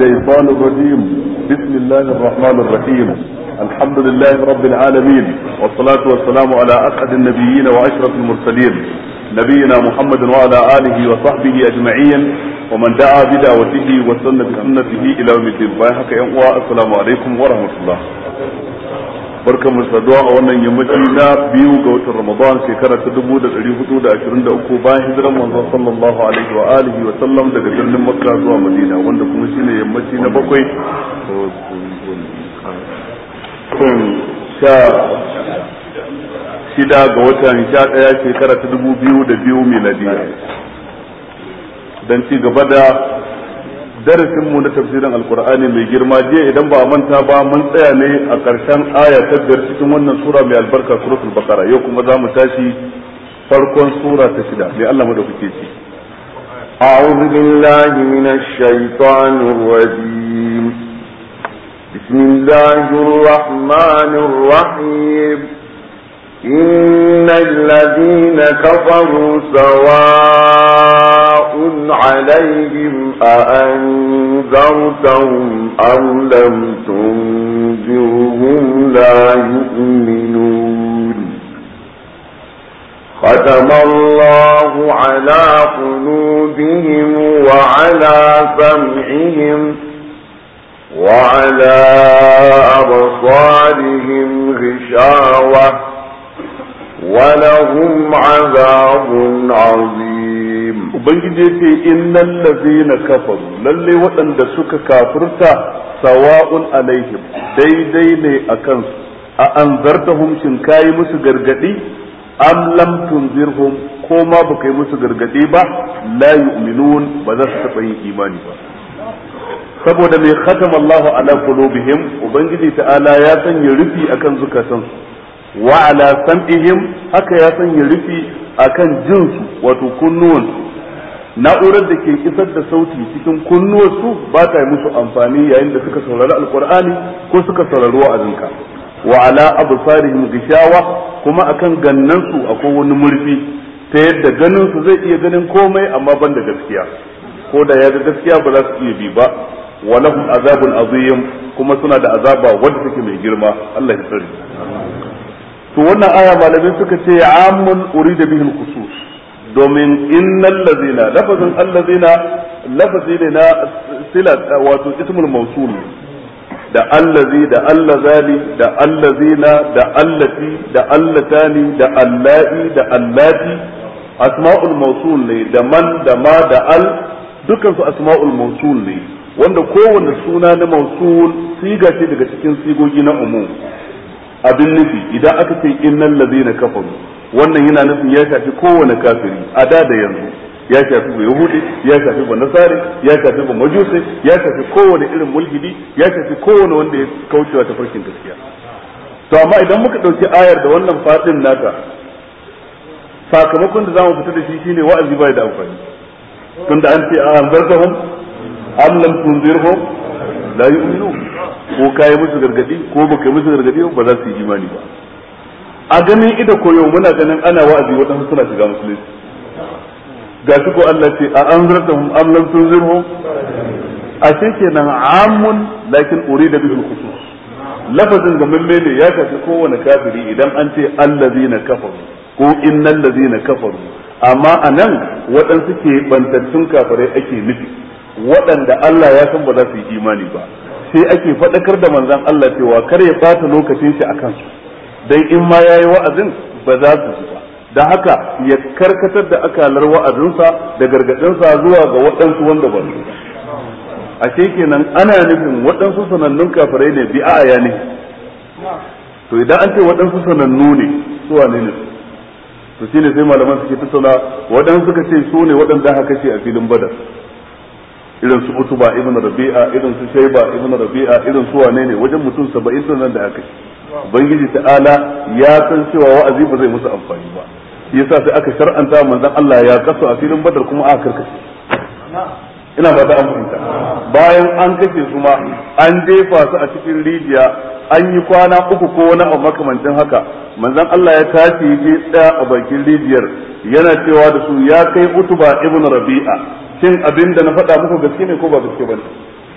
الشيطان الرجيم بسم الله الرحمن الرحيم الحمد لله رب العالمين والصلاة والسلام على أسعد النبيين وأشرف المرسلين نبينا محمد وعلى آله وصحبه أجمعين ومن دعا بدعوته وسن بسنته إلى يوم الدين السلام عليكم ورحمة الله barka mu saduwa a wannan yammaci na biyu ga watan ramadan shekara ta dubu da ɗari hudu da ashirin da uku bayan hijiran manzon sallallahu alaihi wa alihi wa sallam daga birnin makka zuwa madina wanda kuma shine yammaci na bakwai sha shida ga watan sha ɗaya shekara ta dubu biyu da biyu miladiya don ci gaba da darasin mu na tafsirin alkur'ani mai girma je idan ba manta ba mun tsaya ne a ƙarshen aya ta biyar cikin wannan sura mai albarka suratul baqara yau kuma za mu tashi farkon sura ta shida mai Allah madaukake ce أعوذ بالله من الشيطان الرجيم بسم الله الرحمن الرحيم إن الذين كفروا سواء عليهم أأنذرتهم أم لم تنذرهم لا يؤمنون ختم الله على قلوبهم وعلى سمعهم وعلى أبصارهم غشاوة ولهم عذاب عظيم ubangiji yace innal ladzina kafaru lalle waɗanda suka kafirta sawa'un alaihim daidai ne akan su a anzartahum shin kai musu gargadi am lam tunzirhum ko ma baka yi musu gargadi ba la yu'minun ba za su taɓa yin imani ba saboda mai khatama Allahu ala qulubihim ubangiji ta'ala ya sanya rufi akan zukatansu wa ala sam'ihim haka ya sanya rufi akan jinsu wato kunnuwansu na'urar da ke isar da sauti cikin kunnuwarsu ba ta yi musu amfani yayin da suka saurari alkur'ani ko suka saurari wa'azinka wa ala absarihim gishawa kuma akan gannansu akwai wani murfi ta yadda ganin su zai iya ganin komai amma ban da gaskiya ko da ya ga gaskiya ba za su iya bi ba wa lahum azabun azim kuma suna da azaba wadda take mai girma Allah ya sani to wannan aya malamai suka ce amun urida bihi al-khusus domin innal ladzina lafazin allazina lafazi ne na sila wato ismul mawsul da allazi da allazali da allazina da allati da allatani da allai da allati asma'ul mawsul ne da man da ma da al dukan su asma'ul mawsul ne wanda kowanne suna na mawsul siga ce daga cikin sigogi na umum abin nufi idan aka ce innal ladina kafaru wannan yana nufin ya shafi kowane kafiri a da da yanzu ya shafi ba yahudi ya shafi ba nasari ya shafi ba majusi ya shafi kowane irin mulhidi ya shafi kowane wanda ya kaucewa ta farkin gaskiya to amma idan muka dauki ayar da wannan fadin nata sakamakon da zamu fita da shi shine wa'azi bai da amfani tunda an ce a anzartahum am lam tunzirhum la yu'minun ko ka yi musu gargadi ko ka yi musu gargadi ba za su yi imani ba a ganin ida koyo muna ganin ana wa'azi waɗansu suna shiga musulunci ga shi ko Allah ce a an mu am lam tunzirhum a ce nan amun lakin da bihi khusus lafazin ga ne ya tafi kowane kafiri idan an ce allazina kafaru ko innal na kafaru amma nan waɗansu ke bantattun kafirai ake nufi waɗanda Allah ya san ba za su yi imani ba sai ake faɗakar da manzan Allah cewa kar ya bata lokacin shi a kansu dan in ma yayi wa'azin ba za su ji ba da haka ya karkatar da akalar wa'azinsa da gargaɗinsa zuwa ga waɗansu wanda ba su ce kenan ana nufin waɗansu sanannun kafirai ne bi a ne to idan an ce waɗansu sanannu ne su wane ne to shine sai malaman suke tattauna waɗansu suka ce su ne waɗanda aka kashe a filin badar irin su utuba ibn rabi'a irin su shayba ibn rabi'a irin su wane ne wajen mutum 70 din nan da aka yi. ubangiji ta'ala ya san cewa wa'azi ba zai musu amfani ba yasa sai aka shar'anta manzon Allah ya kasu a filin badar kuma aka karkace ina ba an fahimta bayan an kace su ma an jefa su a cikin rijiya an yi kwana uku ko wani abu makamancin haka manzon Allah ya tashi ya tsaya a bakin rijiyar yana cewa da su ya kai utuba ibn rabi'a shin abin da na faɗa muku gaske ne ko ba gaske ba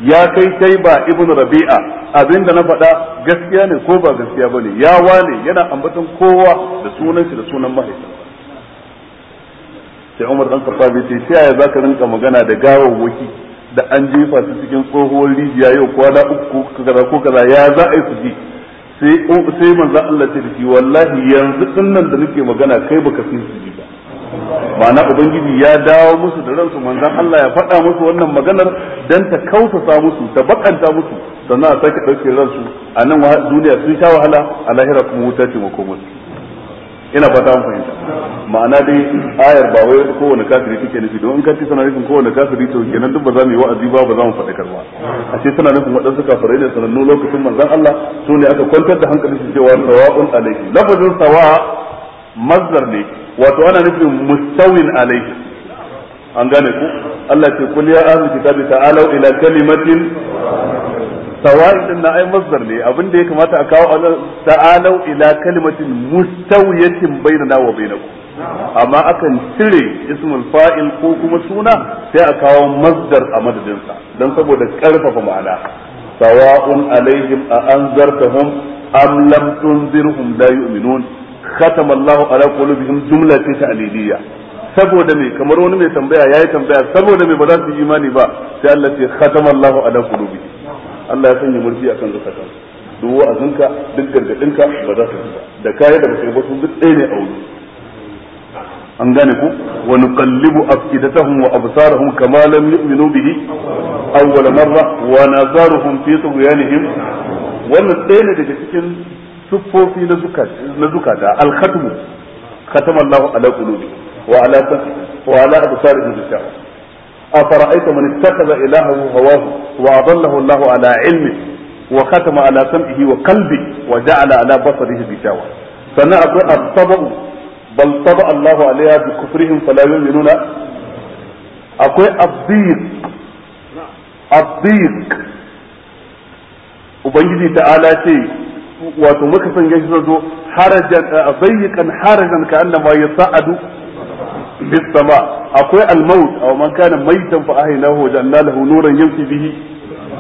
ya kai kai ba ibnu rabi'a abin da na faɗa gaskiya ne ko ba gaskiya ba ne ya wane yana ambaton kowa da sunan shi da sunan mahaifinsa sai Umar dan kafabi sai sai yaya zaka rinka magana da gawawwaki da an jefa su cikin tsohuwar rijiya yau da uku kaza ko kaza ya za a yi su ji sai sai manzo Allah ce da shi wallahi yanzu dinnan da nake magana kai baka fi su ji ba ma'ana ubangiji ya dawo musu da ransu manzan Allah ya faɗa musu wannan maganar dan ta kausasa musu ta bakanta musu sannan a sake ɗauke ransu a nan duniya sun sha wahala a lahira kuma wuta ce komai. ina fata mun fahimta ma'ana dai ayar ba wai kowane kafiri take nufi don in ka ce tana nufin kowane kafiri to kenan duk ba za mu yi wa'azi ba ba za mu faɗi ba a ce tana nufin waɗansu kafirai ne sanannu lokacin manzon Allah su ne aka kwantar da hankalin su cewa sawa'un alaihi lafazin sawa mazdar ne wato ana nufin mustawin alai an gane ku Allah ce kul ya ahli kitabi ta'alu ila kalimatin sawa'in din na ai masdar ne abin da ya kamata a kawo ta'alu ila kalimatin mustawiyatin bainana wa bainakum amma akan cire ismul fa'il ko kuma suna sai a kawo masdar a madadinsa don saboda karfafa ma'ana sawa'un alaihim a anzartahum am lam tunzirhum la yu'minun khatama Allahu ala qulubihim jumla ce ta'liliya saboda me kamar wani mai tambaya yayi tambaya saboda me ba za su yi imani ba sai Allah ce khatama Allahu ala qulubihim Allah ya sanya murfi akan zakatan duk wa'azinka duk gargadinka ba za su yi ba da kaya da bakai ba sun duk ɗaya ne a wuri an gane ku wa nuqallibu afidatahum wa absarahum kama lam yu'minu bihi awwal marra wa nazaruhum fi tughyanihim wannan ɗaya ne daga cikin siffofi na zukata na al khatama Allahu ala qulubi wa ala wa ala absarihim A afara'aita man ittakhadha ilahahu hawahu wa adallahu Allahu ala ilmi wa khatama ala sam'ihi wa qalbi wa ja'ala ala basarihi bishawa sannan akwai at bal taba Allahu alaiha bi kufrihim fala yu'minuna akwai abdiq abdiq ubangiji ta'ala ce wato muka sanya shi zo harajan bayyikan eh, harajan ka annama yasa'adu bis sama akwai al-maut aw man kana maitan fa ahinahu wa ja'alna lahu nuran yamshi bihi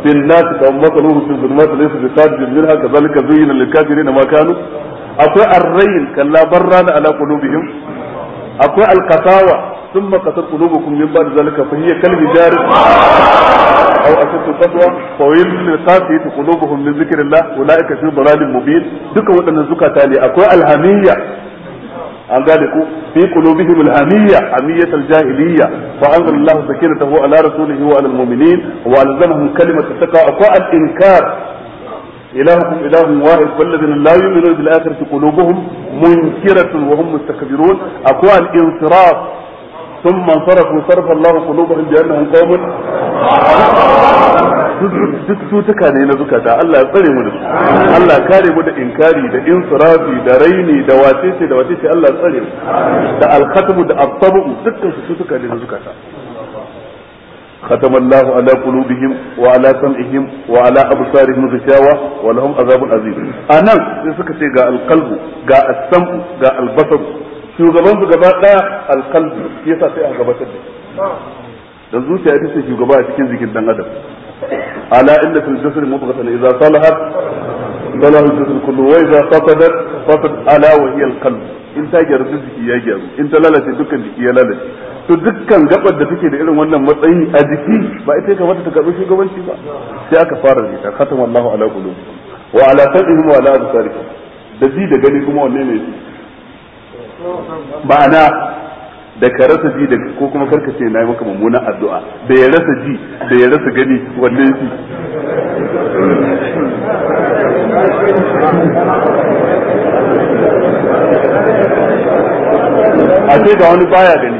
bin nas ka masaluhu fi dhulumati laysa bi sajid minha kadhalika zuyyina lil kafirin ma kanu akwai ar-rayl kalla barrana ala qulubihim akwai alkatawa ثم قصد قلوبكم من بعد ذلك فهي كالحجارة أو أشد قسوة فويل للقاسية قلوبهم من ذكر الله أولئك في ضلال مبين duka waɗannan zukata ne akwai alhamiyya an gane ku fi qulubihim alhamiyya hamiyya aljahiliyya fa anzala Allahu sakinatahu ala rasulihi wa ala almu'minin wa alzamahum kalimata taqwa akwai al'inkar. إلهكم إله واحد فالذين لا يؤمنون بالآخرة قلوبهم منكرة وهم مستكبرون أقوى الانصراف ثم انصرفوا صرف الله قلوبهم بأنهم قوم duk cutuka ne na zukata Allah ya tsare mu da su Allah ya kare mu da inkari da insirafi da raini da wacece da wacece Allah ya tsare mu da alkhatmu da asabu dukkan su cutuka ne na zukata ختم الله على قلوبهم وعلى سمعهم وعلى أبصارهم غشاوة ولهم عذاب عظيم أنا سكتي جاء القلب السمع البصر شو yasa sai a gabatar da dan zuciya ita ce shugaba a cikin jikin dan adam ala inna fil jasad mudghatan idza salahat salaha al jasad kullu wa idza fasadat fasad ala wa hiya al qalb in ta gyaru jiki ya gyaru in ta lalace dukkan jiki ya lalace to dukkan gabar da take da irin wannan matsayi a jiki ba ita wata ta karbi shugabanci ba sai aka fara da ita khatam Allahu ala qulub wa ala sadihim wa ala absarihim da ji da gani kuma wanne ne ma'ana da ka rasa ji da ko kuma karka ce na yi maka mummunan addu'a da ya rasa ji da ya rasa gani wanne shi a ce ga wani baya gani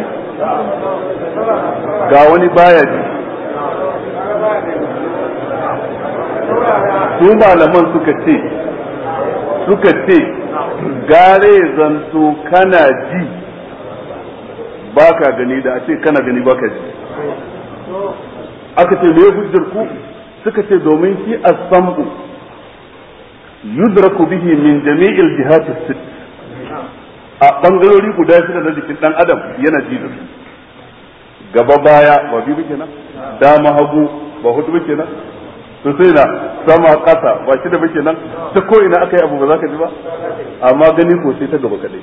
ga wani baya ji su malaman suka ce suka ce gare zanto kana ji ba ka gani da a ce kana gani ba ka ji aka ce me hujjar ku suka ce domin shi as-sam'u yudraku bihi min jami'il jihati sit a bangarori guda shida na jikin dan adam yana ji su gaba baya ba biyu kenan dama hagu ba hudu kenan to sai na sama kasa ba shi da muke kenan ta ko ina aka yi abu ba za ka ji ba amma gani ko sai ta gaba kadai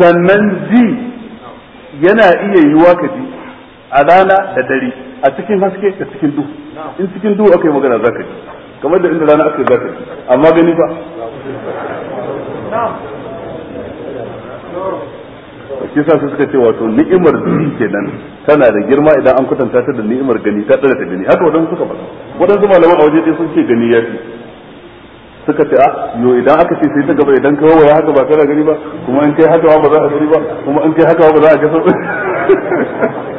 sannan ji yana iya yiwa ka ji a rana da dare a cikin haske da cikin duhu in cikin duhu aka magana za ka ji kamar da inda rana aka yi za ka ji amma gani ba shi yasa su suka ce wato ni'imar ji kenan tana da girma idan an kwatanta ta da ni'imar gani ta dada ta gani haka wadansu suka faɗa wadansu malaman a waje ɗaya sun ce gani ya fi suka ce a ah, yo idan aka ce sai ta gaba idan ka waya haka ba kana gani ba kuma in kai haka ba za a gani ba kuma in kai haka ba za a ga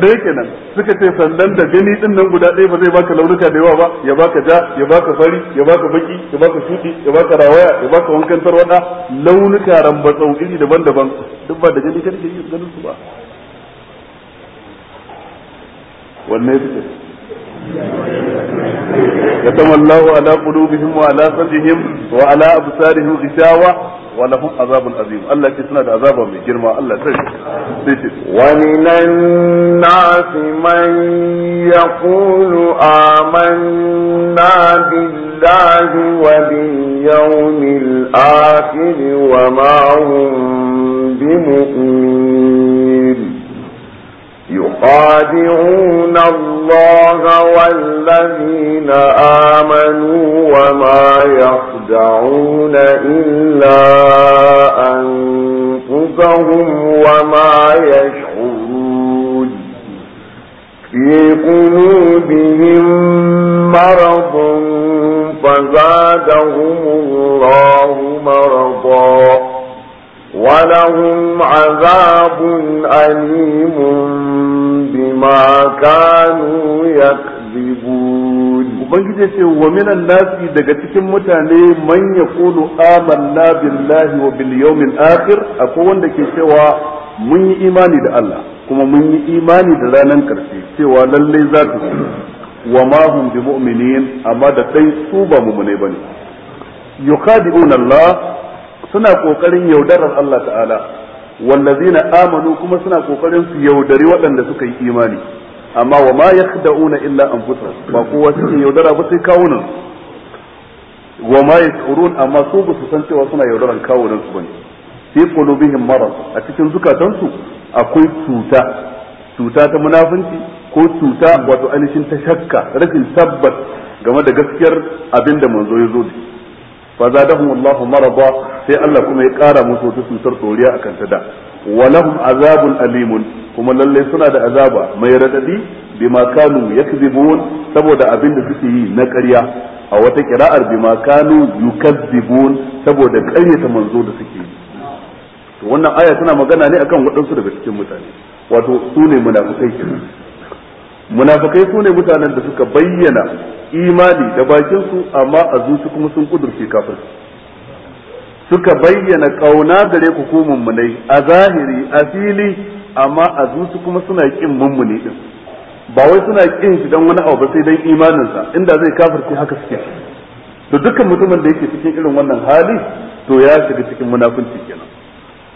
ɗaya kenan suka ce sandan da gani din nan guda ɗaya ba zai baka launuka da yawa ba ya baka ja ya baka fari ya baka baki ya baka shuɗi ya baka rawaya ya baka wankan tarwada launuka rambatsau iri daban-daban duk ba da gani kan ke yi ganin su ba wannan ya fi كتم الله على قلوبهم وعلى فجهم وعلى أبصارهم غشاوة ولهم عذاب عظيم الله كسنا عذاب من جرما الله سجد ومن الناس من يقول آمنا بالله وباليوم الآخر وما هم بمؤمنين يخادعون الله والذين آمنوا وما يخدعون إلا أنفسهم وما يشعرون في قلوبهم مرض فزادهم الله مرضا ولهم عذاب أليم بما كانوا يكذبون وبنجد ومن الناس دقتك متاني من يقول آمنا بالله وباليوم الآخر أقول لك سوى mun yi imani da Allah kuma mun yi imani da ranar karshe cewa lallai za ta wa ma hum bi mu'minin amma da dai su ba mu bane yukadi'una Allah suna kokarin yaudarar Allah ta'ala wallazina amanu kuma suna kokarin su yaudari waɗanda suka yi imani amma wa ma yakhda'una illa anfusahum ba kowa suke yaudara ba sai kawuna. wa ma yashurun amma su ba su san cewa suna yaudaran kawunan su bane fi qulubihim marad a cikin zukatansu akwai cuta cuta ta munafunci ko cuta wato ainihin ta shakka rashin tabbas game da gaskiyar abinda manzo ya zo da fa zadahum Allahu marada sai Allah kuma ya kara musu wata cutar doriya akan ta da walahum azabun alimun kuma lalle suna da azaba mai radadi bima kanu yakzibun saboda abin da suke yi na ƙarya a wata kira'ar bima kanu yukazzibun saboda ta manzo da suke yi to wannan aya tana magana ne akan waɗansu daga cikin mutane wato sune ne munafukai munafukai su mutanen da suka bayyana imani da bakinsu amma a zuci kuma sun kudurce kafir suka bayyana kauna gare ku ko mummunai a zahiri a fili amma a zuci kuma suna kin mummuni din ba wai suna kin shi dan wani abu ba sai dan imaninsa inda zai kafirce haka suke to dukkan mutumin da yake cikin irin wannan hali to ya shiga cikin munafunci kenan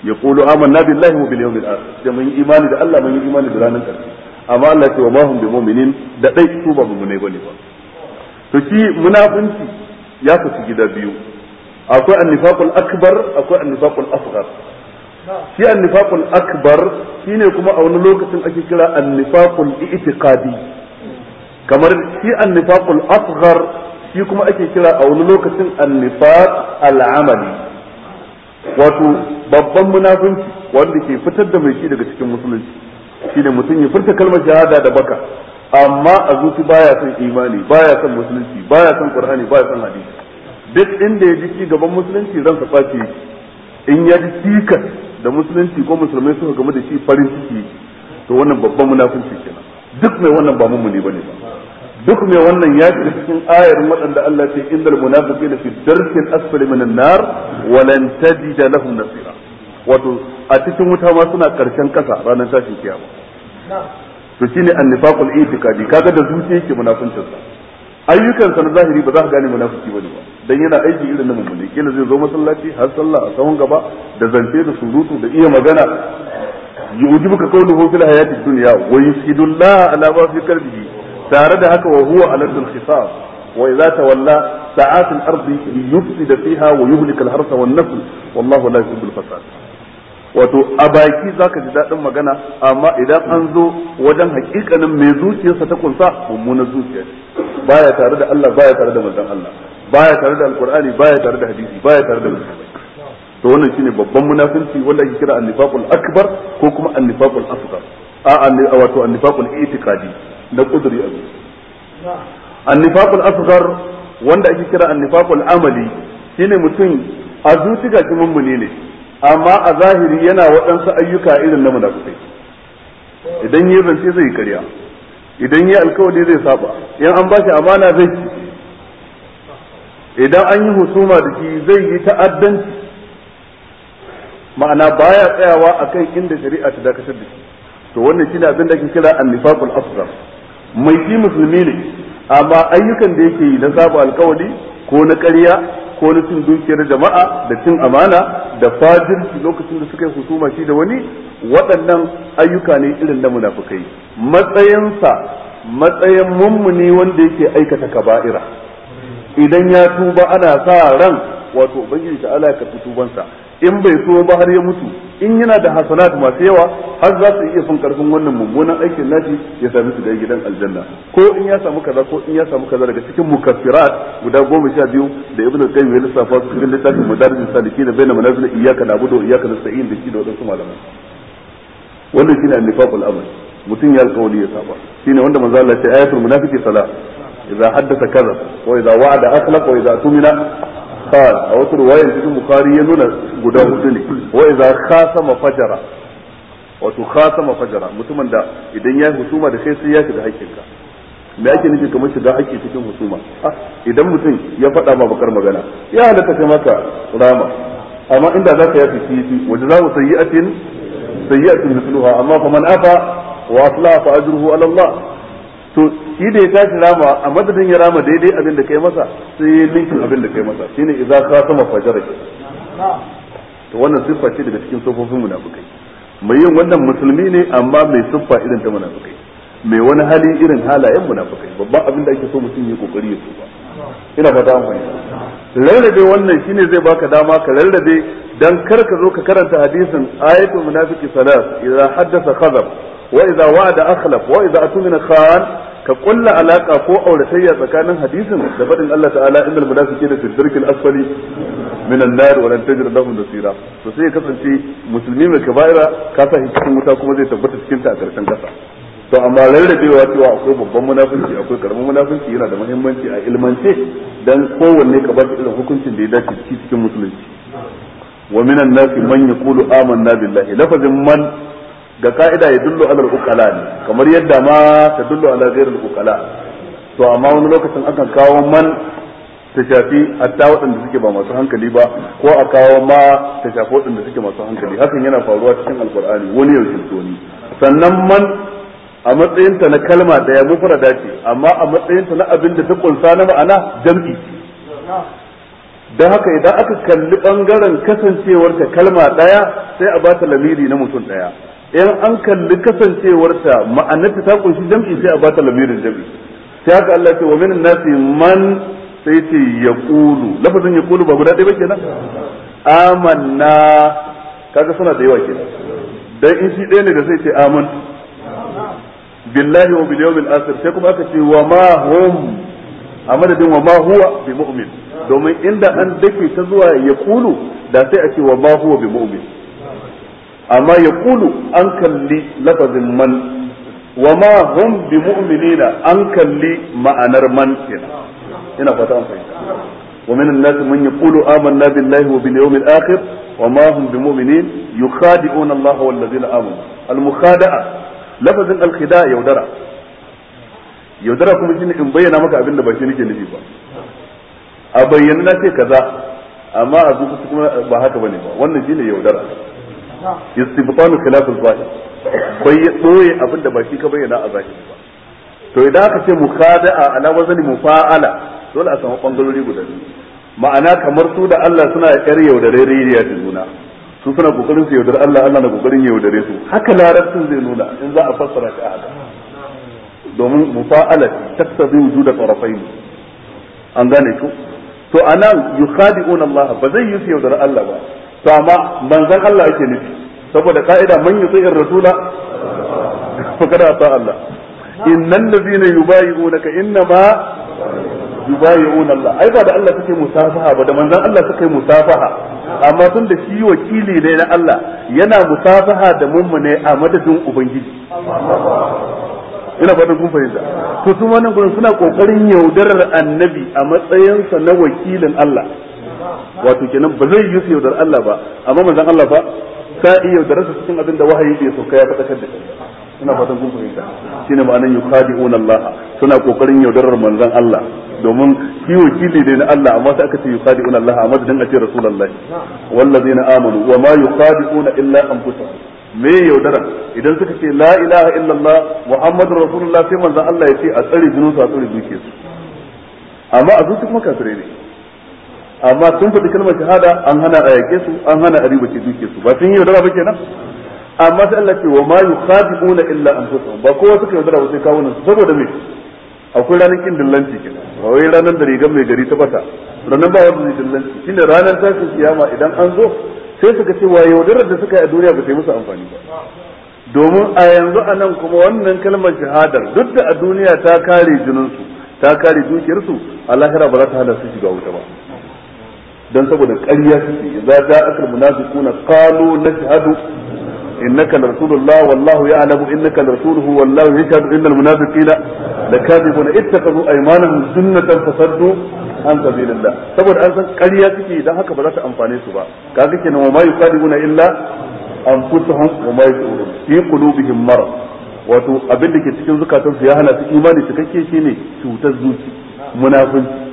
yaqulu amanna billahi wa bil yawmil akhir da mun imani da Allah mun imani da ranar karshe amma Allah ya ce wa ma hum bi mu'minin da dai su ba mu'minai bane ba to shi munafunci ya kusa gida biyu akwai annifaqul akbar akwai annifaqul asghar shi annifaqul akbar shine kuma a wani lokacin ake kira annifaqul i'tiqadi kamar shi annifaqul asghar shi kuma ake kira a wani lokacin annifaq al'amali wato babban munafunci wanda ke fitar da mai shi daga cikin musulunci shine mutum ya furta kalmar shahada da baka amma a zuci baya son imani baya son musulunci baya son qur'ani baya son hadisi duk inda ya ji ci gaban musulunci zan ka kwace in ya ji da musulunci ko musulmai suka gamu da shi farin ciki to wannan babban munafunci kenan duk mai wannan ba mummuni bane ba duk mai wannan ya shiga cikin ayar waɗanda Allah ce innal munafiqina fi darkil asfali minan nar wa lan tajida lahum nasira wato a cikin wuta ma suna karshen kasa ranar tashin kiyama to shine annifaqul itiqadi kaga da zuciya yake munafincin sa ayyukansa na zahiri ba za ka gane munafiki bane ba dan yana aiki irin na mummune kila zai zo masallaci har sallah a sahun gaba da zance da surutu da iya magana yujibuka qawluhu fil hayati dunya wa yusidullahu ala ma fi qalbihi tare da haka wa huwa ala al-khisab wa idza tawalla sa'at al-ardi yufsida fiha wa yuhlik al-harsa wan-nafl wallahu la yuhibbu al-fasad wato a baki zaka ji daɗin magana amma idan an zo wajen hakikanin mai zuciyarsa ta kunsa mummunar zuciya baya tare da Allah baya tare da manzon Allah baya tare da alqur'ani baya tare da hadisi baya tare da to wannan shine babban munafinci wanda ake kira annifaqul akbar ko kuma annifaqul asghar a wato annifaqul itiqadi na kudri a annifaqul asghar wanda ake kira annifaqul amali shine mutum a zuciya kuma mummuni ne amma a zahiri yana waɗansu ayyuka irin na munafukai idan yi zance zai karya idan yi alkawari zai saba in an bashi amana zai ci idan an yi husuma da shi zai yi ta'addanci ma'ana baya tsayawa akan inda shari'a ta dakatar da shi to wannan shine abin da ake kira an-nifaqul asghar mai si musulmi ne amma ayyukan da yake yi na saba alkawari ko na karya. ko na cin dukiyar jama'a da cin amana da fajirci lokacin da suka yi husuma shi da wani waɗannan ayyuka ne irin na munafukai matsayinsa matsayin mummuni wanda yake aikata kaba'ira idan ya tuba ana sa ran wato ubangiji ta Allah ya tubansa in bai so ba har ya mutu in yana da hasanat masu yawa har za su iya son karfin wannan mummunan aikin nashi ya sami su da gidan aljanna ko in ya samu kaza ko in ya samu kaza daga cikin mukaffirat guda goma sha biyu da ibnu qayyim ya lissafa su cikin littafin madarijus salikin bayna manazil iyyaka na'budu wa iyyaka nasta'in da shi da wadansu malaman wannan shine an-nifaqul amal mutum ya alƙawari ya saba shine wanda manzo Allah ya ce ayatul munafiqi sala idza haddatha kaza wa idza wa'ada akhlafa wa idza tumina قال a wata في cikin يقول ya nuna guda hudu ne wa idza khasama wato khasama fajara mutumin da idan ya husuma da kai sai ya shiga hakkinka me ake nufi kamar shiga hakki cikin husuma idan mutum ya faɗa ma bakar magana ya halatta kai maka rama amma inda zaka yafi kifi wa jazaa'u sayi sayyi'atin mithluha amma faman afa wa aslaha fa ajruhu ala Allah to shi da ya tashi rama a madadin ya rama daidai abin da kai masa sai ya linkin abin da kai masa shine idza fajar ke to wannan siffa ce daga cikin sofofin munafikai mai yin wannan musulmi ne amma mai siffa irin ta munafikai mai wani hali irin halayen munafikai babban abin da ake so mutum ya kokari ya tuba ina fata an fahimta rarrabe wannan shine zai baka dama ka rarrabe dan kar ka zo ka karanta hadisin ayatul munafiki salat idza haddatha kadhab wa idza wa'ada akhlaf wa idza atumina khan ka kulla alaka ko auratayya tsakanin hadisin da fadin Allah ta'ala innal da fi dharkil asfali min an-nar wa lan tajid lahum nasira to sai kasance musulmi mai kabaira ka sa cikin wuta kuma zai tabbata cikin ta a karshen kasa to amma rarrabewa cewa akwai babban munafunci akwai karamin munafunci yana da muhimmanci a ilimance dan kowanne ka ba irin hukuncin da ya dace cikin musulunci wa minan nasi man yaqulu amanna billahi lafazin man ga ka'ida ya dullo alal ukala ne kamar yadda ma ta dullo ala ghairil ukala to amma wani lokacin akan kawo man ta shafi hatta waɗanda suke ba masu hankali ba ko a kawo ma ta shafi waɗanda suke masu hankali hakan yana faruwa cikin alkur'ani wani yau ni sannan man a matsayinta na kalma daya mufrada ce amma a matsayinta na abin da ta kunsa na ma'ana jam'i don haka idan aka kalli bangaren kasancewar ta kalma daya sai a ba ta lamiri na mutum daya in an kalli kasancewarta ma'anarta ta kunshi jam'i sai a bata lamirin jam'i sai haka Allah ce wa min nasi man sai ce yaqulu lafazin kulu ba guda ɗaya ba kenan amanna kaga suna da yawa kenan dan in shi ɗaya ne da sai ce aman billahi wa bil yawmil akhir sai kuma aka ce wa ma hum a madadin wa ma huwa bi mu'min domin inda an dake ta zuwa ya kulu da sai a ce wa ma huwa bi mu'min amma ya kulu an kalli lafazin man wa ma hum bi mu'minina an kalli ma'anar man kenan ina fata an fahimta wa minan nas man yaqulu amanna billahi wa bil yawmil akhir wa ma hum bi mu'minin yukhadi'una Allah wal ladina amanu al mukhada'a lafazin al khida' yaudara yaudara kuma shine in bayyana maka abin da ba shi nake nufi ba a bayyana ce kaza amma kuma ba haka bane ba wannan shine yaudara istibtanu khilaf al-zahir bai ya doye abin da ba shi ka bayyana a zahiri ba to idan aka ce mukhada'a ala wazni mufa'ala dole a samu bangalori guda biyu ma'ana kamar su da Allah suna yar yaudare riya da juna su suna kokarin su yaudare Allah Allah na kokarin yaudare su haka larabcin zai nuna in za a fassara ta haka domin mufa'ala taktabi wujuda tarafain an gane ku to anan yukhadi'una Allah ba zai yi su yaudare Allah ba Sama, manzan Allah ake nufi saboda ka'ida man yuti rasula fakada ta Allah innal ladina yubayyi'unaka ma yubayyi'una Allah ai ba da Allah suke musafaha ba da manzan Allah suke musafaha amma tun da shi wakili ne na Allah yana musafaha da ne a madadin ubangiji ina fatan kun fahimta to su wannan gurin suna kokarin yaudarar annabi a matsayinsa na wakilin Allah wato kenan ba zai yi su yaudar Allah ba amma manzon Allah ba ka iya yaudararsa cikin abin da wahayi bai so ka ya faɗakar da kai ina fatan kun fahimta shine ma'anar yukhadi'una Allah suna kokarin yaudarar manzon Allah domin shi wakili ne na Allah amma sai aka ce yukhadi'una Allah amma da dinga ce rasulullahi wallazina amanu wa ma yukhadi'una illa anfusahum me yaudara idan suka ce la ilaha illallah muhammadur rasulullah sai manzon Allah ya ce a tsare jinunsu a tsare dukiyarsu amma a zuci kuma kafirai ne amma sun faɗi kalmar shahada an hana a yake su an hana a ce duke su ba sun yi yaudara ba kenan amma sai Allah ce wa ma yukhadi'una illa anfusahum ba kowa suka yaudara ba sai kawunan su saboda me akwai ranar kin dillanci kenan wai ranar da rigar mai gari ta bata ranar ba wanda zai dillanci shine ranar tashin kiyama idan an zo sai suka ce wa yaudarar da suka yi a duniya ba ta yi musu amfani ba domin a yanzu a nan kuma wannan kalmar shahadar duk da a duniya ta kare jininsu ta kare dukiyarsu a lahira ba za ta hada su shiga wuta ba dan saboda ƙarya su za a suke idza ja'akal munafiquna qalu nashhadu innaka rasulullah wallahu ya'lamu innaka rasuluhu wallahu yashhadu innal munafiqina lakadibuna ittakhadhu aymanahum sunnatan fasaddu an sabilillah saboda an san ƙarya su ke dan haka ba za ta amfane su ba kaga kenan wa ma yuqadibuna illa an anfusuhum wa ma yashurun fi qulubihim marad wato abin da ke cikin zukatansu ya hana su imani cikakke shine cutar zuci munafunci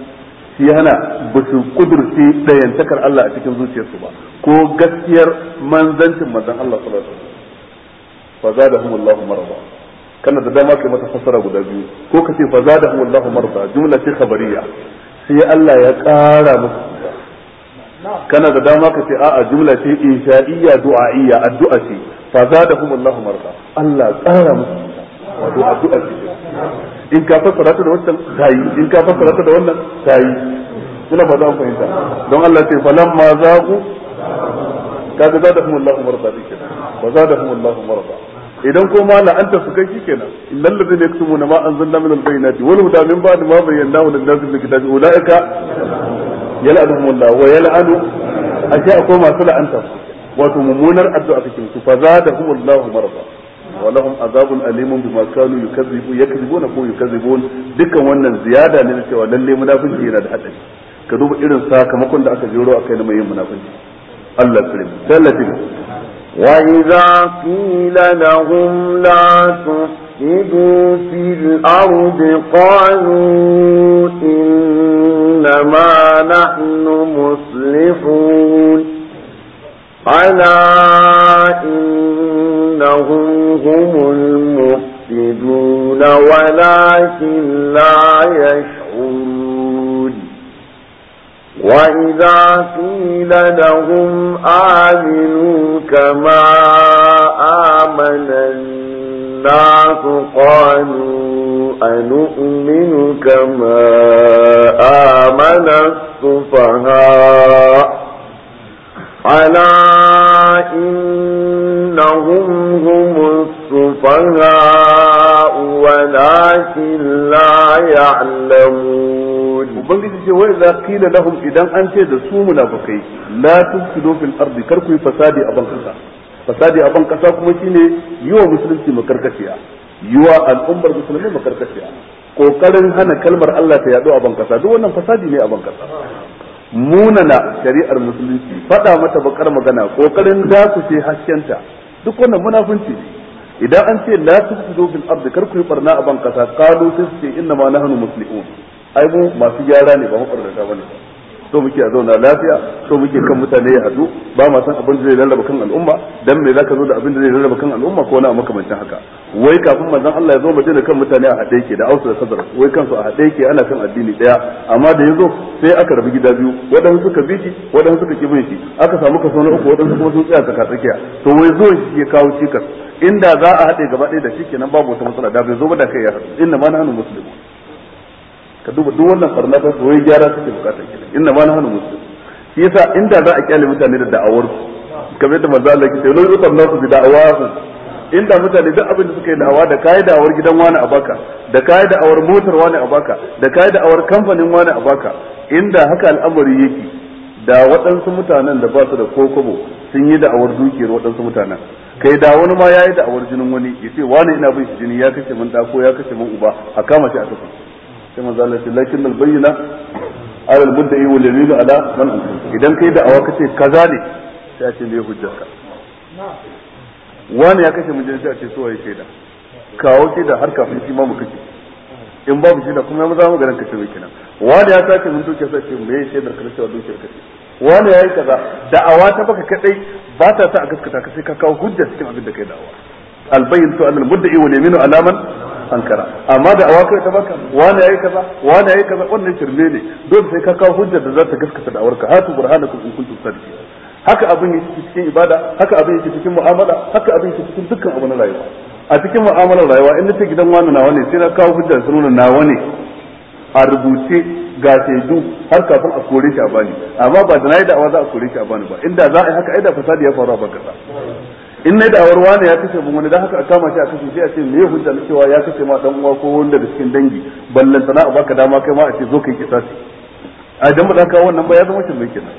shi hana ba su kudurci ɗayantakar Allah a cikin zuciyarsu ba ko gaskiyar manzancin manzon Allah sallallahu alaihi wasallam fa zadahum Allahu marada kana da dama kai mata fassara guda biyu ko ka ce fa zadahum Allahu marada jumla ce khabariya sai Allah ya ƙara musu kana da dama ka ce a'a jumla ce insha'iyya du'a'iyya addu'a ce fa zadahum Allahu marada Allah ƙara musu wato addu'a ce in ka fassara ta da wannan ta yi, in ka fassara ta da wannan ta yi. kila ba za mu fahimta don Allah ce falan ma za ku kaga zadahum Allahu marada da wa zadahum Allahu marada idan ko ma la'anta su kai kenan innal ladzina yaktumuna ma anzalna min al-bayyinati wal huda min ba'd ma bayyanahu lin-nasi fil kitabi ulaika yal'anuhum Allah wa yal'anu ashe akwai masu la'anta wato mummunar addu'a kake su fa zadahum Allahu marada ولهم عذاب أليم بما كانوا يكذبون يكذبون ko يكذبون dukkan wannan ziyada ne cewa lalle munafinci yana da hadari ka duba irin sakamakon da aka jero akai na mai yin munafinci Allah karimu sallatin وإذا قيل لهم لا تفسدوا في الأرض قالوا إنما نحن مصلحون ألا إنهم هم المفسدون ولكن لا يشعرون وإذا قيل لهم آمنوا كما آمن الناس قالوا أنؤمن كما آمن السفهاء ألا إنهم هم السفهاء ولكن لا يعلمون ubangiji ce wai za qila lahum idan an ce da su munafikai la tufsidu fil ardi kar fasadi a ban kasa fasadi a ban kasa kuma shine yiwa musulunci makarkashiya yiwa al'ummar musulmi makarkashiya kokarin hana kalmar Allah ta yadu a ban duk wannan fasadi ne a ban munana shari'ar musulunci faɗa mata bakar magana kokarin ce haskenta duk wannan munafunci idan an ce la tufsidu fil ardi kar ku yi barna a ban kasa qalu sai su ce inna ma nahnu muslimun ai mu masu gyara ne ba mu barna bane so muke a zauna lafiya so muke kan mutane ya hadu ba ma san abin da zai lallaba kan al'umma dan me zaka zo da abin da zai lallaba kan al'umma ko na makamancin haka wai kafin manzon Allah ya zo Madina kan mutane a haɗe yake da Ausu da Sadar wai kansu a haɗe yake ana kan addini daya amma da yazo sai aka rabu gida biyu waɗansu suka bi shi waɗansu suka ki bin shi aka samu kaso na uku waɗansu kuma sun tsaya tsaka tsakiya to wai zo shi ya kawo cikas inda za a haɗe gaba ɗaya da shi kenan babu wata matsala da bai zo ba da kai ya haɗu inna ma na musulmi ka duba duk wannan barna ta so yayi gyara suke bukatar kenan inna ma nahnu muslim shi yasa inda za a kyale mutane da da'awar su kamar yadda manzo Allah yake cewa yuqam nasu bi su inda mutane duk abin da suka yi da'awa da kai da'awar gidan wani a baka da kai da'awar motar wani a baka da kai da'awar kamfanin wani a baka inda haka al'amari yake da waɗansu mutanen da ba su da kokobo sun yi da'awar dukiyar waɗansu mutanen kai da wani ma ya yi da'awar jinin wani ya ce wani ina bin shi jini ya kashe min ɗako ya kashe min uba a kama shi a tafi sai manzo Allah ce lakin al bayyina ala al mudda'i wal yamin ala man idan kai da awa kace kaza ne sai a ce me hujjarka wani ya kashe mijin sai a ce so waye shaida kawo da har kafin shi ma mu kace in babu da kuma ya zama garin kace mai kenan wani ya sace mun duke sai ce me shaidar ka cewa dukiyar kace wani ya yi kaza da'awa ta baka kadai ba ta sa a gaskata ka sai ka kawo hujja cikin abin da kai da'awa al bayyin to annal mudda'i wal yaminu alaman sankara amma da awa kai ta baka wani yayi kaza wani yayi kaza wannan shirme ne don sai ka kawo hujjar da za ta gaskata da awarka hatu burhanakum in kuntum sadiqin haka abin yake cikin ibada haka abin yake cikin mu'amala haka abin yake cikin dukkan abu na rayuwa a cikin mu'amalar rayuwa in nace gidan wani nawa ne sai na kawo hujjar sunan nawa ne a rubuce ga shaidu har kafin a kore shi a bani amma ba da nayi da'awa za a kore shi a bani ba inda za a yi haka ai da fasadi ya faru a bakasa in na da awarwa ne ya kashe mun wani dan haka a kama shi a kashe shi a ce me hujja na cewa ya kashe ma dan uwa ko wanda da cikin dangi ballan sana a baka dama kai ma a ce zo kai shi a dan ba ka wannan ba ya zama shi mai kenan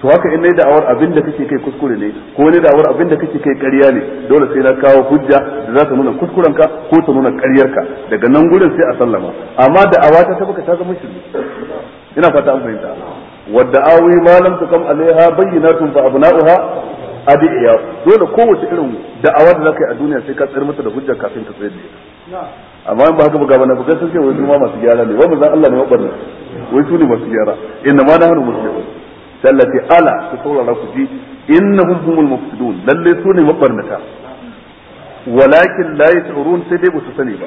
to haka in na da awar abin da kake kai kuskure ne ko ne da abin da kake kai ƙarya ne dole sai na kawo hujja da za ta nuna kuskuren ka ko ta nuna ƙaryar ka daga nan gurin sai a sallama amma da awa ta baka ta zama shi ina fata an fahimta wadda awi malam tukam alaiha bayyinatun fa abna'uha Adi iya dole kowace irin da'awa da zaka yi a duniya sai ka tsayar mata da hujja kafin ka tsayar da ita amma in ba haka ba ga na bukatar sun ce wai kuma masu gyara ne wai manzon Allah ne mabarna wai su ne masu gyara inna ma nahnu muslimun sallati ala ku saurara ku ji innahum humul mufsidun lalle su ne mabarnata walakin la yashurun sai dai ba su sani ba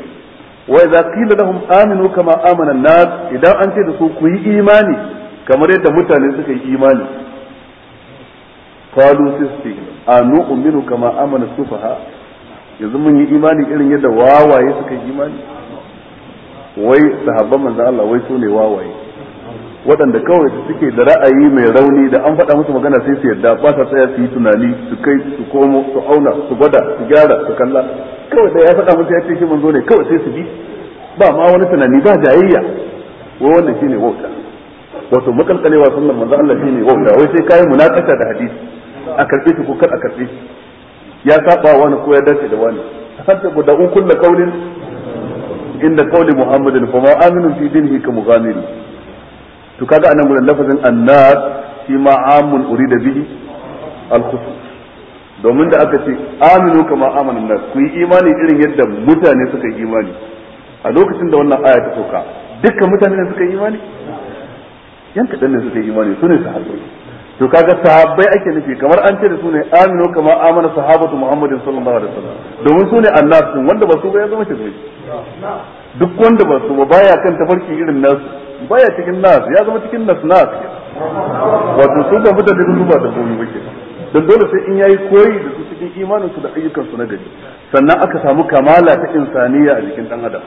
wa idza qila lahum aminu kama amana an-nas idan an ce da su ku yi imani kamar yadda mutane suka yi imani qalu sisbihim anu'minu kama amana sufaha yanzu mun yi imani irin yadda wawaye suka yi imani wai sahabban manzon Allah wai su ne wawaye waɗanda kawai su suke da ra'ayi mai rauni da an faɗa musu magana sai su yadda ba sa tsaya su yi tunani su kai su komo su auna su gwada su gyara su kalla kawai da ya faɗa musu ya ce shi mun zo ne kawai sai su bi ba ma wani tunani ba jayayya wai wannan shine wauta wato makalkalewa sunnar manzo Allah shine wauta wai sai kai munakasha da hadisi a karbe shi ko kar a karbe shi ya saba wani ko ya dace da wani hatta ku da kullu qaulin inda kaunin muhammadin fa ma aminu fi dinihi ka mughamiri to kaga anan gurin lafazin annas shi ma amun urida bihi al domin da aka ce aminu kama amanan nas ku yi imani irin yadda mutane suka yi imani a lokacin da wannan aya ta sauka dukkan mutane ne suka yi imani yan kaɗan ne suka yi imani su ne sahabbai to kaga sahabbai ake nufi kamar an ce da su ne aminu kama amana sahabatu muhammadin sallallahu alaihi wasallam domin su ne annasun wanda ba su ba ya zama shirme duk wanda ba su ba baya kan tafarki irin nasu baya cikin nas ya zama cikin nas nas wato su ba mutane su ba da komai bace dan dole sai in yayi koyi da su cikin imanin su da ayyukan su na gari sannan aka samu kamala ta insaniya a jikin dan adam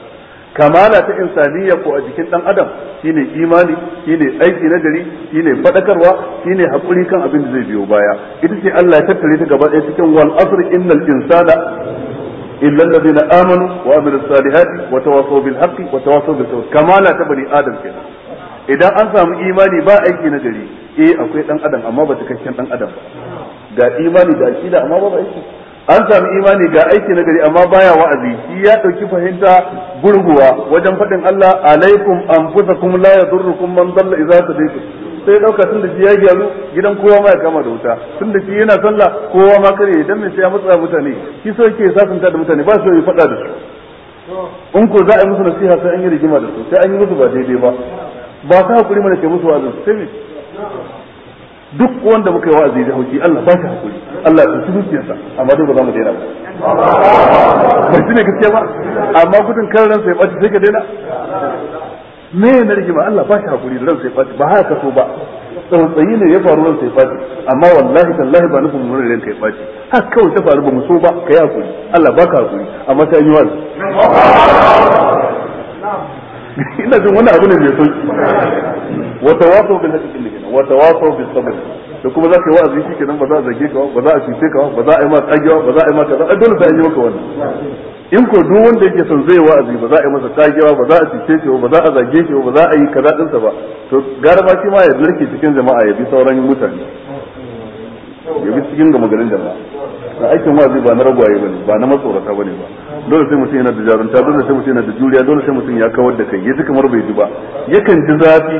kamala ta insaniya ko a jikin dan adam shine imani shine aiki na gari shine fadakarwa shine hakuri kan abin da zai biyo baya ita ce Allah ya tattare ta gaba ɗaya cikin wal asr innal insana illa alladhina amanu wa amilu salihati wa tawassaw bil haqqi wa tawassaw bis sabr kamala ta bani adam kenan idan an samu imani ba aiki na gari eh akwai dan adam amma ba cikakken dan adam ba ga imani da aqida amma ba aiki an sami imani ga aiki na gari amma baya wa'azi shi ya dauki fahimta gurguwa wajen faɗin Allah alaikum anfusakum la yadurrukum man dalla idza tadaytum sai dauka tunda shi ya gyaru gidan kowa ma ya kama da wuta tunda shi yana sallah kowa ma kare dan me sai ya mutsa mutane shi so yake sasanta da mutane ba so ya faɗa da su in ko za a yi musu nasiha sai an yi rigima da su sai an yi musu ba daidai ba ba sa hakuri mana ke musu wa'azi sai duk wanda muka yi wa'azi da hauki Allah ba ka hakuri Allah ya tsufi siyasa amma dai ba za mu daina ba ba shi ne gaskiya ba amma gudun kan ransa ya bace sai ka daina me na rigima Allah ba shi hakuri da ransa ya ɓaci ba haka so ba tsayi ne ya faru ransa ya bace amma wallahi tallahi ba nufin mun ranka ya bace haka kawai ta faru ba mu so ba ka yi hakuri Allah ba ka hakuri amma ta yi wani ina jin wani abu ne mai sauki wa tawasaw bil da kenan wa tawasaw bis sabr da kuma za zaka yi wa'azi shi kenan ba za a zage ka ba za a cuce ka ba za a yi ma tsagewa ba za a yi ma kaza dole za a yi maka wani. in ko duk wanda yake son zai wa'azi ba za a yi masa tsagewa ba za a cuce shi ba za a zage shi ba za a yi kaza dinsa ba to gara ba shi ma ya narke cikin jama'a ya bi sauran mutane ya bi cikin gama garin jama'a da aikin wazi ba na ragwaye bane ba na matsorata bane ba dole sai mutum yana da jarumta dole sai mutum yana da juriya dole sai mutum ya kawar da kai ya ji kamar bai ji ba yakan ji zafi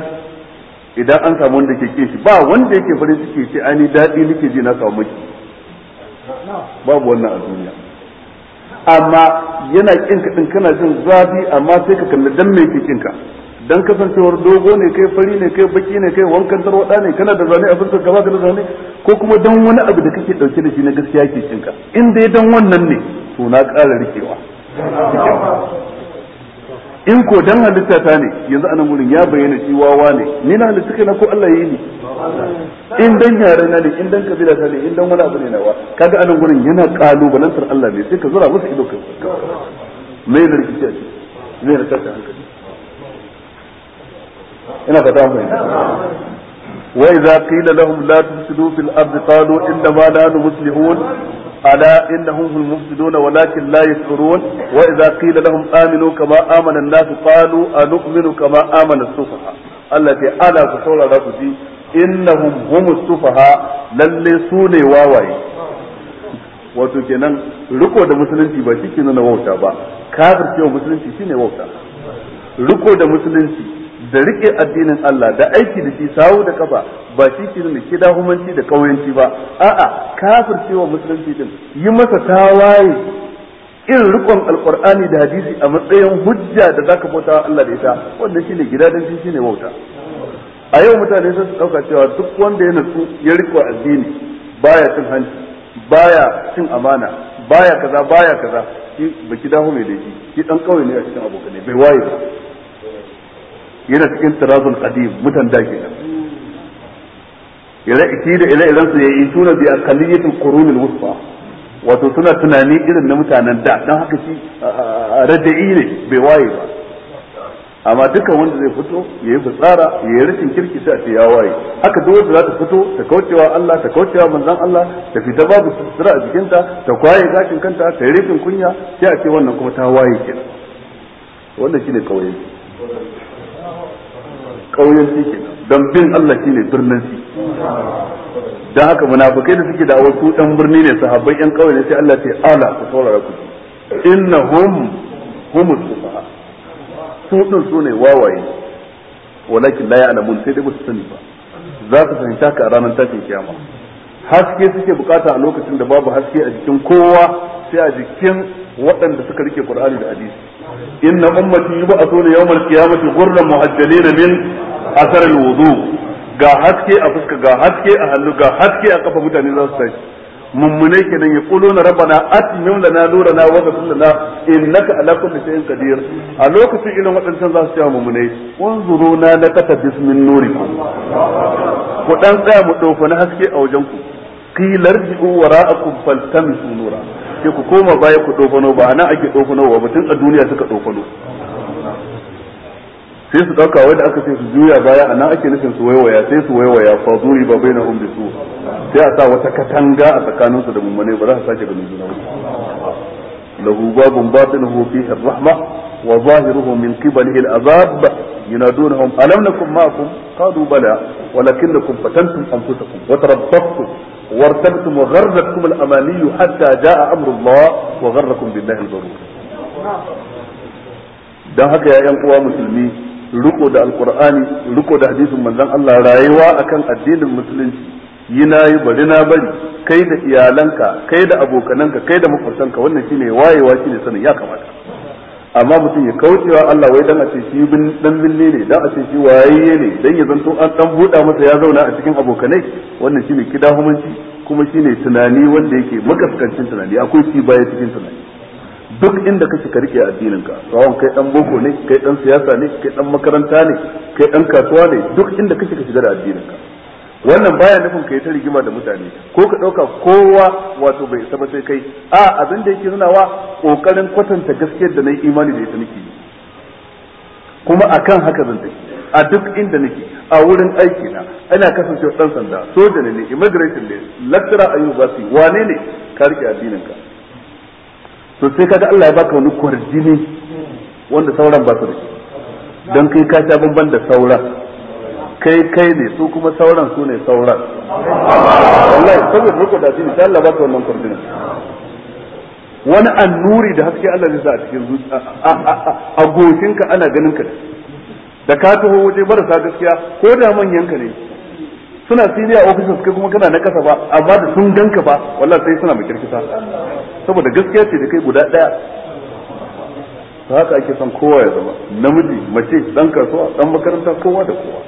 idan an samu wanda ke kin shi ba wanda yake farin ciki ce ani daɗi nake ji na samu miki babu wannan a duniya amma yana kin ka din kana jin zafi amma sai ka kalli dan me ke kin ka dan kasancewar dogo ne kai fari ne kai baki ne kai wankan tarwada ne kana da zane abin ka kaba ka da zane ko kuma dan wani abu da kake ɗauke da shi na gaskiya ke kin ka in dai dan wannan ne to na ƙara rikewa in ko dan halitta ta ne yanzu anan wurin ya bayyana shi wawa ne ni na halitta kai na ko Allah yayi ni in dan yare na ne in dan kabila ta ne in dan wani abu ne nawa kaga anan gurin yana balantar Allah ne sai ka zura musu ido kai me ne rikici mai da tsaka hankali ina fata mu wa idza qila lahum la tufsidu fil ardi qalu inna ma la nuslihun ألا إنهم هم المفسدون ولكن لا يشعرون وإذا قيل لهم آمنوا كما آمن الناس قالوا أنؤمن كما آمن السفهاء التي ألا كسولا لكم إنهم هم السفهاء للي سوني واواي wato kenan riko da musulunci ba shi ke na wauta ba kafir cewa musulunci shine wauta riko da musulunci da rike addinin Allah da aiki da shi sawu da kafa ba shi ke nuna kida humanci da kauyanci ba a'a cewa musulunci din yi masa tawaye irin rikon alkur'ani da hadisi a matsayin hujja da zaka bauta Allah da ita wanda shine dan shi shine wauta a yau mutane sun su dauka cewa duk wanda ya nutsu ya rike addini baya cin hanci baya cin amana baya kaza baya kaza shi baki dawo mai da shi shi dan kauye ne a cikin abokanai bai waye ba yana cikin tirazul qadim mutan da ke ire iki da ire iren su yayi tuna bi aqalliyatul qurun alwusta wato suna tunani irin na mutanen da dan haka shi radai ne bai waye ba amma dukkan wanda zai fito yayi fitsara yayi rashin kirki sai a ya waye haka duk wanda za ta fito ta kaucewa Allah ta kaucewa manzon Allah ta fita babu sutura a jikinta ta kwaye gashin kanta ta yi kunya sai a ce wannan kuma ta waye kenan wannan shine kawai kauyen shi ke don bin Allah shine birnin shi dan haka munafikai da suke da wasu dan birni ne sahabbai yan kauye ne sai Allah ce ala ku saurara ku innahum humus sufaha su din su ne wawaye walakin la ya'lamun sai dai ba su sani ba za su ta ka a ranar tashin kiyama haske suke bukata a lokacin da babu haske a jikin kowa sai a jikin waɗanda suka rike Qur'ani da hadisi inna ummati yub'athuna yawmal qiyamati ghurran muhajjalin min athar al-wudu ga haske a fuska ga haske a hannu ga haske a kafa mutane za su tashi mummunai kenan ya kuluna rabbana na, lana nurana wa ghfir innaka ala kulli shay'in qadir a lokacin irin waɗancan za su ce mummunai na lakata bismin nurikum ku dan tsaya mu dauko na haske a wajen ku qila irji'u wara'akum faltamisu nura sai ku koma baya ku dofano ba ana ake dofano ba batun a duniya suka dofano sai su dauka da aka ce su juya baya ana ake nufin su waiwaya sai su waiwaya fa zuri ba baina hum bisu sai a sa wata katanga a tsakanin su da mummune ba za su sake ganin juna ba lahu babun batinuhu fi arrahma wa zahiruhu min qibalihi al-azab yunadunhum alam nakum ma'akum qalu bala walakinnakum fatantum anfusakum wa tarabbatum وارتبتم وغرتكم الاماني حتى جاء امر الله وغركم بالله الغرور dan haka ya yan uwa musulmi riko da alkur'ani riko da hadisin manzon Allah rayuwa akan addinin musulunci yi nayi bari na bari kai da iyalanka kai da abokananka kai da makwabtanka wannan shine wayewa shine sanin ya kamata amma mutum ya kaucewa Allah wai dan a ce shi bin dan binne ne dan a ce shi waye ne dan ya zanto an dan buda masa ya zauna a cikin abokanai wannan shine kidahumanci kuma shine tunani wanda yake makaskancin tunani akwai shi baya cikin tunani duk inda kake ka rike addinin ka rawan kai dan boko ne kai dan siyasa ne kai dan makaranta ne kai dan kasuwa ne duk inda kake ka shiga da addinin ka wannan baya nufin kai ta rigima da mutane ko ka dauka kowa wato bai isa ba sai kai a abin da yake nunawa kokarin kwatanta gaskiyar da na yi imani da ita nake kuma akan haka zan tafi a duk inda nake a wurin aiki na ina kasancewa dan sanda soja ne ne immigration ne lecturer a university wane ne ka rike addinin ka to sai kaga Allah ya baka wani kwarjini wanda sauran ba su da don kai ka sha bamban da sauran kai kai ne su kuma sauran su ne sauran wallahi saboda riko da addini sai Allah baka wannan kwarjini wani annuri da haske Allah zai sa a cikin zuciya a goshinka ana ganin ka da ka taho waje marasa gaskiya ko da manyan ka ne suna siniya ofishin suka kuma kana na kasa ba amma da sun ganka ba wallahi sai suna mai kirkita saboda gaskiya ce da kai guda daya ta haka ake son kowa ya zama namiji mace dan kasuwa dan makaranta kowa da kowa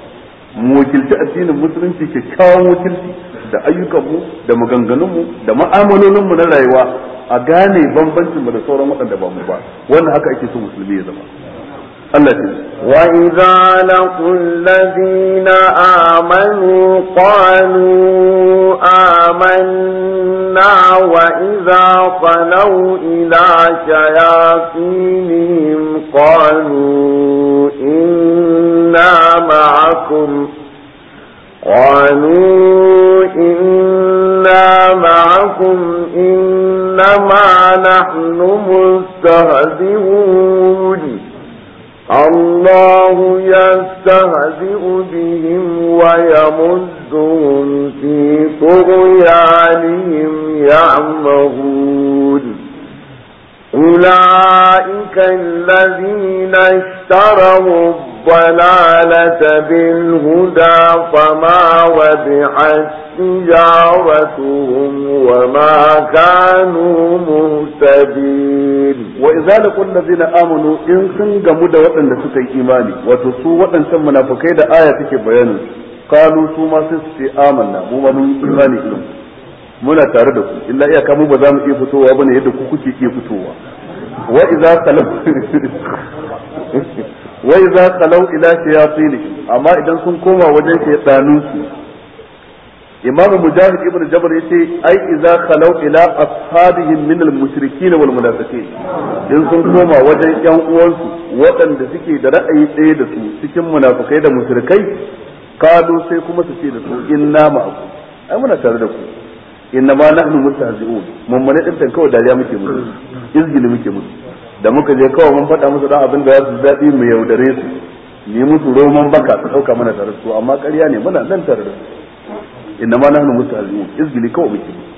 mu wakilci addinin musulunci kyakkyawan wakilci da ayyukanmu da maganganunmu da ma'amalolinmu na rayuwa a gane bambancin mu da sauran waɗanda ba mu ba wanda haka ake so musulmi ya zama Allah ce wa idza laqul ladina amanu qalu amanna wa idza qalu ila shayatinihim qalu inna ma'akum قالوا إنا معكم إنما نحن مستهزئون الله يستهزئ بهم ويمدهم في طغيانهم يعمهون أولئك الذين اشتروا الضلالة بالهدى فما ربحت تجارتهم وما كانوا مهتدين وإذا لقوا الذين آمنوا إن سنجا مدى وطن نسوك إيماني وتسو وطن سمنا فكيد آية كي قالوا سوما سيسي آمنا مو من إيماني muna tare da ku illa iyaka mu ba za mu iya fitowa bane yadda ku kuke iya fitowa wa idza qalu wa idza qalu ila shayatinihim amma idan sun koma wajen shaytanun su imam mujahid ibn jabr yace ai idza qalu ila ashabihim min al mushrikin wal munafiqin in sun koma wajen yan uwansu waɗanda suke da ra'ayi ɗaya da su cikin munafikai da mushrikai kalu sai kuma su ce da su inna ma'akum ai muna tare da ku inna ma nahnu mustahzi'un mun mane din kawai dariya muke mutu izgili muke mutu da muka je kawai mun faɗa musu dan abin da za su daɗi mu yaudare su ni musu roman baka su ɗauka mana tare su amma ƙarya ne muna nan tare da su inna ma nahnu mustahzi'un izgili kawai muke mutu.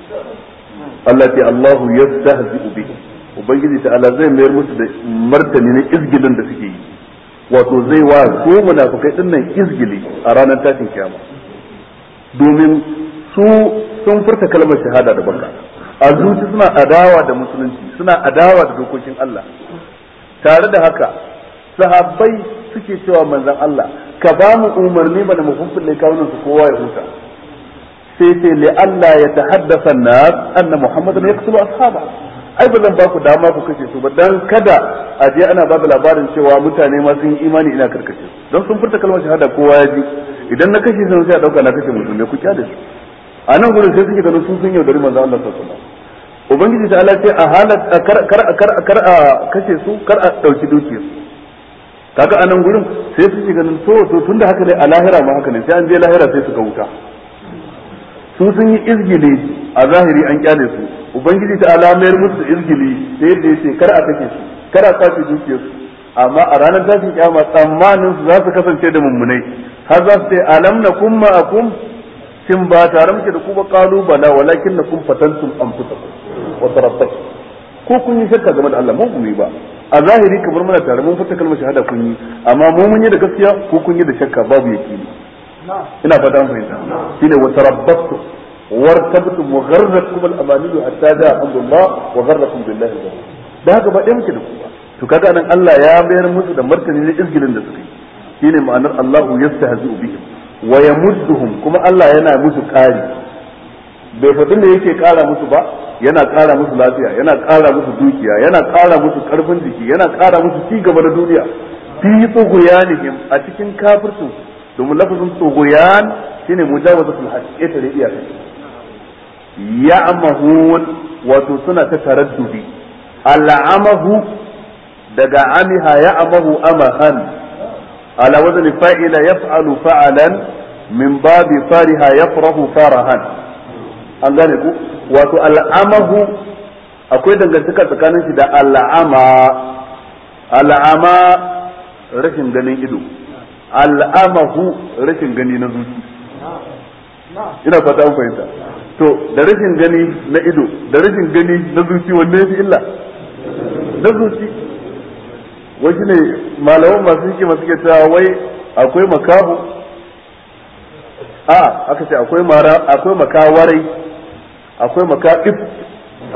Allah ce Allahu yastahzi'u bihi ubangiji ta Allah zai mayar musu da martani na izgilin da suke yi wato zai wa su munafikai dinnan izgili a ranar tashin kiyama domin su sun furta kalmar shahada da baka a zuci suna adawa da musulunci suna adawa da dokokin Allah tare da haka sahabbai suke cewa manzon Allah ka ba mu umarni bana mu funfulle kawunan su kowa ya huta sai sai li Allah ya tahaddasa nas anna muhammadan yaqtulu ashaba ai ba zan ba ku dama ku kace su ba dan kada a je ana ba da labarin cewa mutane ma sun yi imani ina karkace don sun furta kalmar shahada kowa ya ji idan na kashe sun sai a dauka na kashe musulmi ku kyale su a nan gudun sai suke ganin sun sun yaudari manzan Allah sassu alaihi ubangiji ta Allah ce a halar kar kar kar kar a kashe su kar a dauki dukiyar su kaga a nan gudun sai suke ganin to to tunda haka ne a lahira ma haka ne sai an je lahira sai suka wuta su sun yi izgili a zahiri an kyale su ubangiji ta mayar musu izgili sai da yace kar a kashe su kar a kwace dukiyar su amma a ranar tashin kiyama tsammanin su za su kasance da mummunai har za su ce alam nakum ma'akum shin ba tare muke da ku ba qalu bala walakin lakum fatantum anfusakum wa tarabbatum ko kun yi shakka game da Allah mun kuma ba a zahiri kamar muna tare mun fata kalmar shahada kun yi amma mu mun yi da gaskiya ko kun yi da shakka babu yakini ina fata mun fahimta shine wa tarabbatum wartabtum wa gharrakum al-amaniyu hatta ja'a amrullah wa gharrakum billahi da haka ba dai muke da ku ba to kaga nan Allah ya bayar musu da martani na izgilin da suka yi shine ma'anar Allahu yastahzi'u bihim wa yamudduhum kuma Allah yana musu ƙari bai faɗi da yake ƙara musu ba yana ƙara musu lafiya yana ƙara musu dukiya yana ƙara musu ƙarfin jiki yana ƙara musu ci gaba da duniya fi tsuguyanihim a cikin kafircin domin lafazin tsuguyan shine mujawazatul hajj da iyaka ya'mahun wato suna ta taraddudi al'amahu daga amiha amahu amahan ala wazn fa'ila yaf'alu fa'alan min babi fariha yafrahu farahan an gane ku wato al'amahu akwai dangantaka tsakanin shi da al'ama al'ama rashin ganin ido al'amahu rashin gani na zuci ina fata an fahimta to da rashin gani na ido da rashin gani na zuci wanne ya fi illa na zuci wai ne malaman masu hikima suke cewa wai akwai makahu a ah, aka ce akwai mara akwai makawarai akwai makaif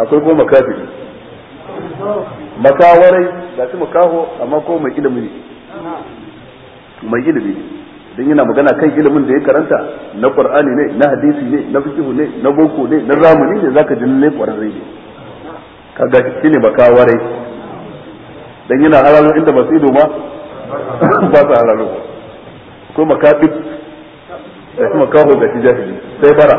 akwai kuma makafi makawarai ga shi makaho amma ko mai ilimi ne mai ilimi don yana magana kan ilimin da ya karanta na qur'ani ne na hadisi ne na fikihu ne na boko ne na ramuni ne zaka ji ne kwararre ne kaga ne makawarai dan yana hararo inda su ido ma ba su hararo ko makaɗi da kuma kawo da jahili sai bara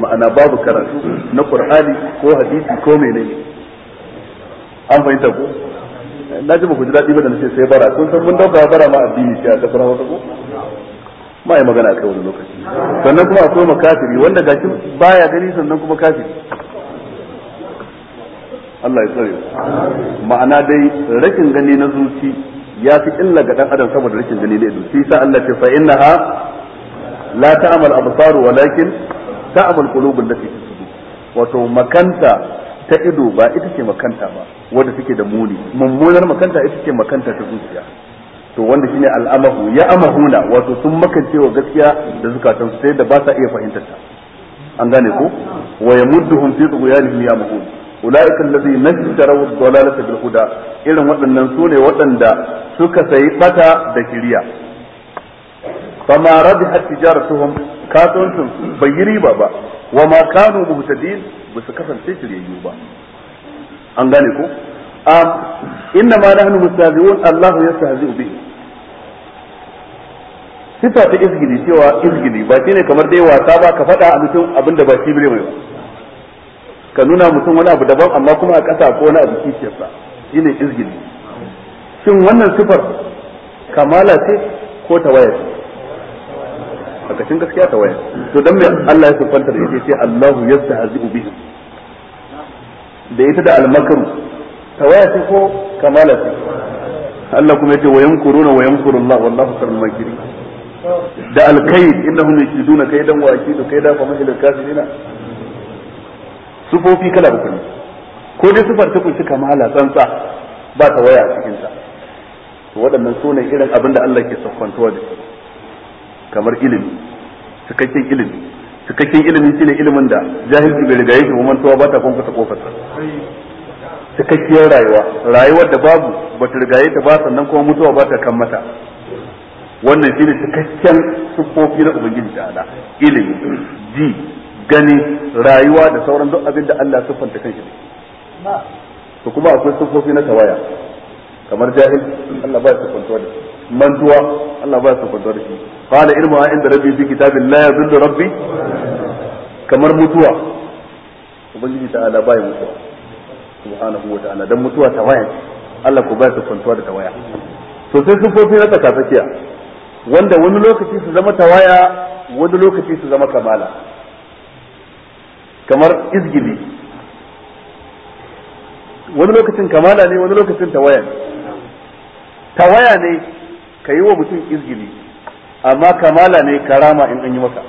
ma'ana babu karatu na qur'ani ko hadisi ko menene an fahimta ko na ji ku ji daɗi ba da nace sai bara kun san mun dauka bara ma addini shi a kasar wata ko ma yi magana a kai wani lokaci sannan kuma akwai makafiri wanda gashi baya gani sannan kuma kafiri Allah ya tsare ma'ana dai rashin gani na zuci ya fi illa ga dan adam saboda rashin gani na ido shi sa Allah ce fa innaha la ta'mal absar walakin ta'mal qulub allati wato makanta ta ido ba ita ce makanta ba wanda take da muni mummunar makanta ita ce makanta ta zuciya to wanda shine al'amahu ya amahuna wato sun makance wa gaskiya da zukatan su sai da ba sa iya fahimtar ta an gane ko wa yamudduhum fi tughyanihim ya amahuna أولئك allazina ishtaraw الضلالة بالهدى bil huda irin waɗannan sune waɗanda suka sayi فما da kiriya fama rabihat tijaratuhum kasuwancin su bai yi riba ba wa ma kanu muhtadin ba su kasance shiryayyu ba sifa ta izgini cewa izgini ba shine kamar dai wasa ba ka faɗa a mutum abinda ba shi bane mai ba ka nuna mutum wani abu daban amma kuma a ƙasa ko wani abu kishiyarsa shine izgili shin wannan sifar kamala ce ko waya ce A lokacin gaskiya waya to dan me Allah ya siffanta da ita ce, Allahu yastahzi'u bihim da ita da almakaru waya ce ko kamala ce Allah kuma yace wayan yamkuruna wayan yamkuru Allah wallahu khairul makirin da alkayd innahum yakiduna kaydan wa akidu kayda fa mahilul kafirina sufofi kala uku ne ko dai sufar ta kunshi kamala tsantsa ba ta waya a cikin ta to waɗannan sunan irin abin da Allah ke sakwantuwa da shi kamar ilimi cikakken ilimi cikakken ilimi shine ilimin da jahilci bai riga yake mantuwa ba ta kwankwata kofarsa cikakkiyar rayuwa rayuwar da babu ba ta rigaye ta ba sannan kuma mutuwa ba ta kan mata wannan shine cikakken sufofi na ubangiji da ala ilimi ji gani rayuwa da sauran duk abin da Allah siffanta kanshi ne to kuma akwai siffofi na tawaya kamar jahil Allah ba ya siffanta da mantuwa Allah ba ya siffanta da shi qala ilmu a inda rabbi bi kitabin la yadhillu rabbi kamar mutuwa ubangiji ta'ala ba ya mutuwa subhanahu wa ta'ala dan mutuwa tawaya Allah ko ba ya siffanta da tawaya to sai siffofi na tsakatsakiya wanda wani lokaci su zama tawaya wani lokaci su zama kamala kamar izgili wani lokacin kamala ne wani lokacin tawaya ne tawaya ne ka yi wa mutum izgili amma kamala ne karama in an yi maka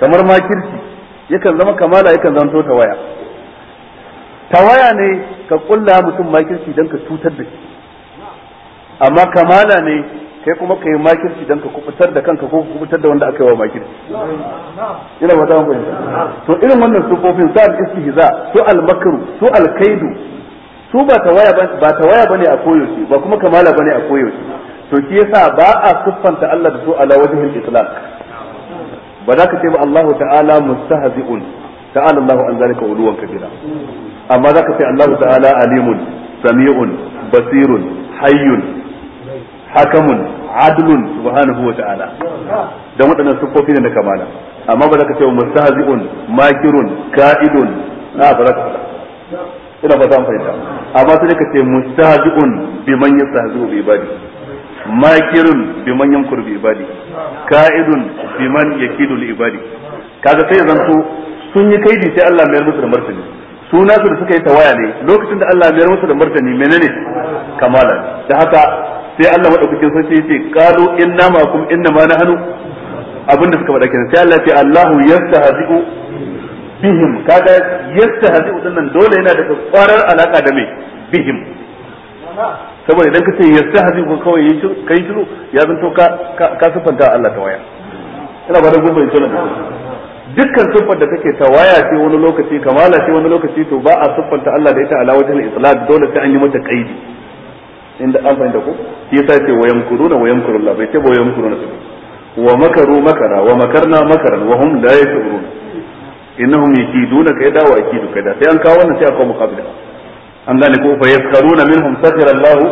kamar makirci yakan zama kamala yakan zama to tawaya tawaya ne ka kulla mutum makirci don ka cutar da shi amma kamala ne kai kuma ka yi makirci don ka kubutar da kanka ko ka kubutar da wanda aka yi wa makirci ina ba ta fahimta to irin wannan sufofin sa al-istihza su al-makru su al-kaidu su ba ta waya ba tawaya bane a koyaushe ba kuma kamala bane a koyaushe to shi yasa ba a siffanta Allah da su ala wajhil Islam. ba za ka ce ba Allah ta'ala mustahzi'un ta'ala Allah an zalika uluwan kabira amma za ka ce Allah ta'ala alimun sami'un basirun hayyun hakamun adlun subhanahu wa ta'ala dan waɗannan siffofi ne na kamala amma ba za ka ce wa mustahzi'un makirun ka'idun na ba za ka faɗa ina ba ta fahimta amma sai ka ce mustahzi'un man yastahzi'u bi ibadi makirun bi man yankur bi ibadi ka'idun bi man yakidu li ibadi kaga sai zanto sun yi kaidi sai Allah mai musu da martani suna su da suka yi tawaya ne lokacin da Allah mai musu da martani menene kamala da haka sai Allah madaukakin sarki yace qalu inna ma kum inna ma nahnu abinda suka faɗa kenan sai Allah ya ce Allahu yastahzi'u bihim kaga yastahzi'u dinnan dole yana da kwarar alaka da me bihim saboda idan ka ce yastahzi'u kawai yayi kai shiru ya zan to ka ka sufanta Allah ta waya ina ba da gobe sunan dukkan siffar da take ta waya ce wani lokaci kamala ce wani lokaci to ba a siffanta Allah da ita ala wajhil islam dole sai an yi mata kaidi inda an fahimta ko shi yasa ce wa kuruna wayan kurulla bai ce wayan kuruna su wa makaru makara wa makarna makaran wa hum la yashurun innahum yakiduna kaida wa akidu kaida sai an kawo wannan sai akwai muqabila an gane ko fa yaskaruna minhum sakara Allahu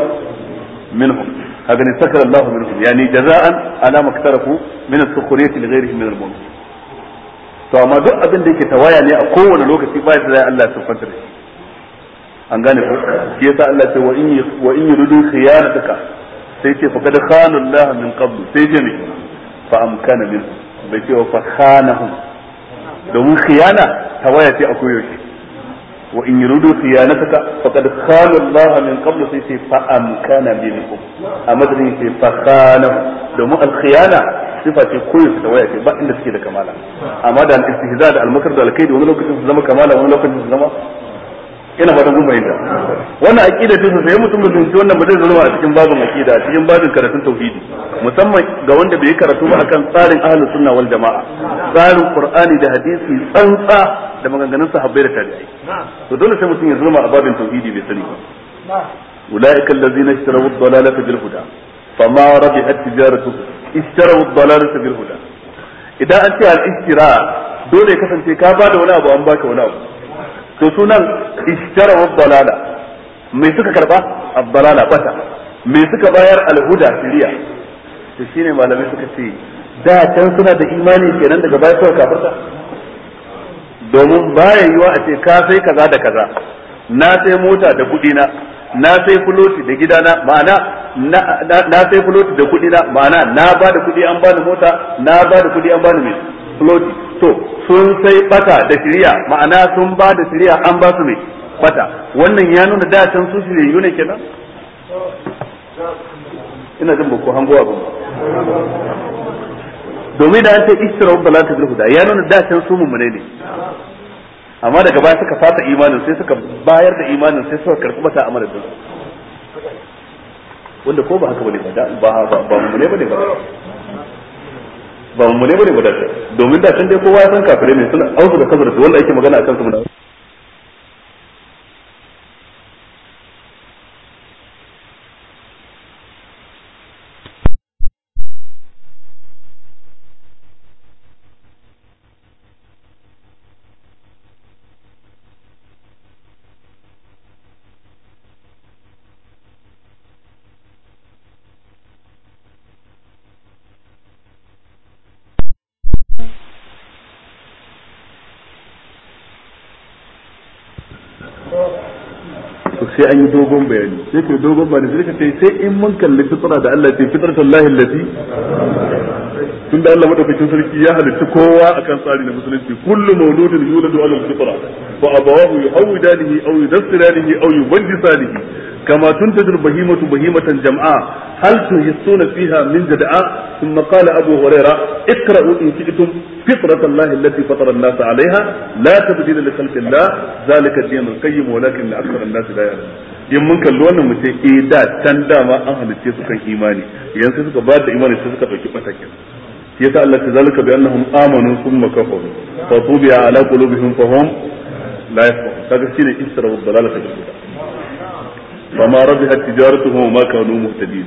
minhum haka ne sakara Allahu minhum yani jaza'an ala maktarafu min as-sukhriyati li ghayrihim min al-mulk to amma duk abin da yake tawaya ne a kowane lokaci ba ya da Allah ya siffanta da shi an gane ko shi yasa Allah ce wa in wa in yuridu khiyanataka sai ce fa kad khana Allah min qabl sai ce ne fa amkana min bai ce fa khanahum domin khiyana tawaya ce akwai yake wa in yuridu khiyanataka fa kad khana Allah min qabl sai ce fa amkana minhum a madadin ce fa khana domin al khiyana sifa ce koyo ta waya ce ba inda suke da kamala amma da al istihza da al makr da al kaid wani lokacin su zama kamala wani lokacin su zama ina fatan kun fahimta wannan aqida ce sai mutum da tunci wannan ba zai zama a cikin babin aqida a cikin babin karatun tauhidi musamman ga wanda bai karatu ba akan tsarin ahlus sunna wal jamaa tsarin qur'ani da hadisi tsantsa da maganganun sahabbai da tabi'ai to dole sai mutum ya zama a babin tauhidi bai sani ba ulaika allazina ishtaraw ad-dalalata bil huda fama rabihat tijaratuhum ishtaraw ad-dalalata bil huda idan an ce al-ishtira dole ya kasance ka bada wani abu an baka wani abu to sunan ishtara wa dalala mai suka karba ad-dalala bata mai suka bayar al'huda, siriya shiriya to shine malamai suka ce da can suna da imani kenan daga bayan suka kafirta domin baya yiwa a ce ka sai kaza da kaza na sai mota da kudi na na sai fuloti da gidana ma'ana na sai fuloti da kudi na ma'ana na ba da kudi an bani mota na ba da kudi an bani mai fuloti to sun sai bata da shiriya ma'ana sun ba da shiriya an ba su mai bata wannan ya nuna da can su shiriyu ne kenan ina jin ba ko hango abin domin da an ce istirau bala ta da, ya nuna da can su mummune ne amma daga baya suka fata imanin sai suka bayar da imanin sai suka karɓi bata amarar wanda ko ba haka bane ba ba ba mummune bane ba ba mu ne bane guda domin da can dai kowa ya san kafirai ne suna auzu da kabar su wanda ake magana akan su sai an yi dogon bayani sai dogon bayani sai sai in mun kalli fitra da Allah ce fitratul lahi allati tun da Allah madaukakin sarki ya halitta kowa akan tsari na musulunci kullu mawludin yuladu ala fitra fa abawahu yuhawidanihi aw yudassiranihi aw yubajjisanihi kama tuntadul bahimatu bahimatan jam'a hal tuhissuna fiha min jada'a thumma qala abu hurairah iqra'u in فطرة الله التي فطر الناس عليها لا تبديل لخلق الله ذلك الدين القيم ولكن أكثر الناس لا يعلمون in mun kalli wannan mutum ce eh da can dama an halicce su kan imani yanzu suka ba da imani sai suka dauki matakin shi yasa Allah ta zalika bi annahum amanu thumma kafaru fa tubiya ala qulubihim fa hum la yafqahun kaga shine isra dalalata bil huda fa ma rabihat tijaratuhum ma kanu muhtadin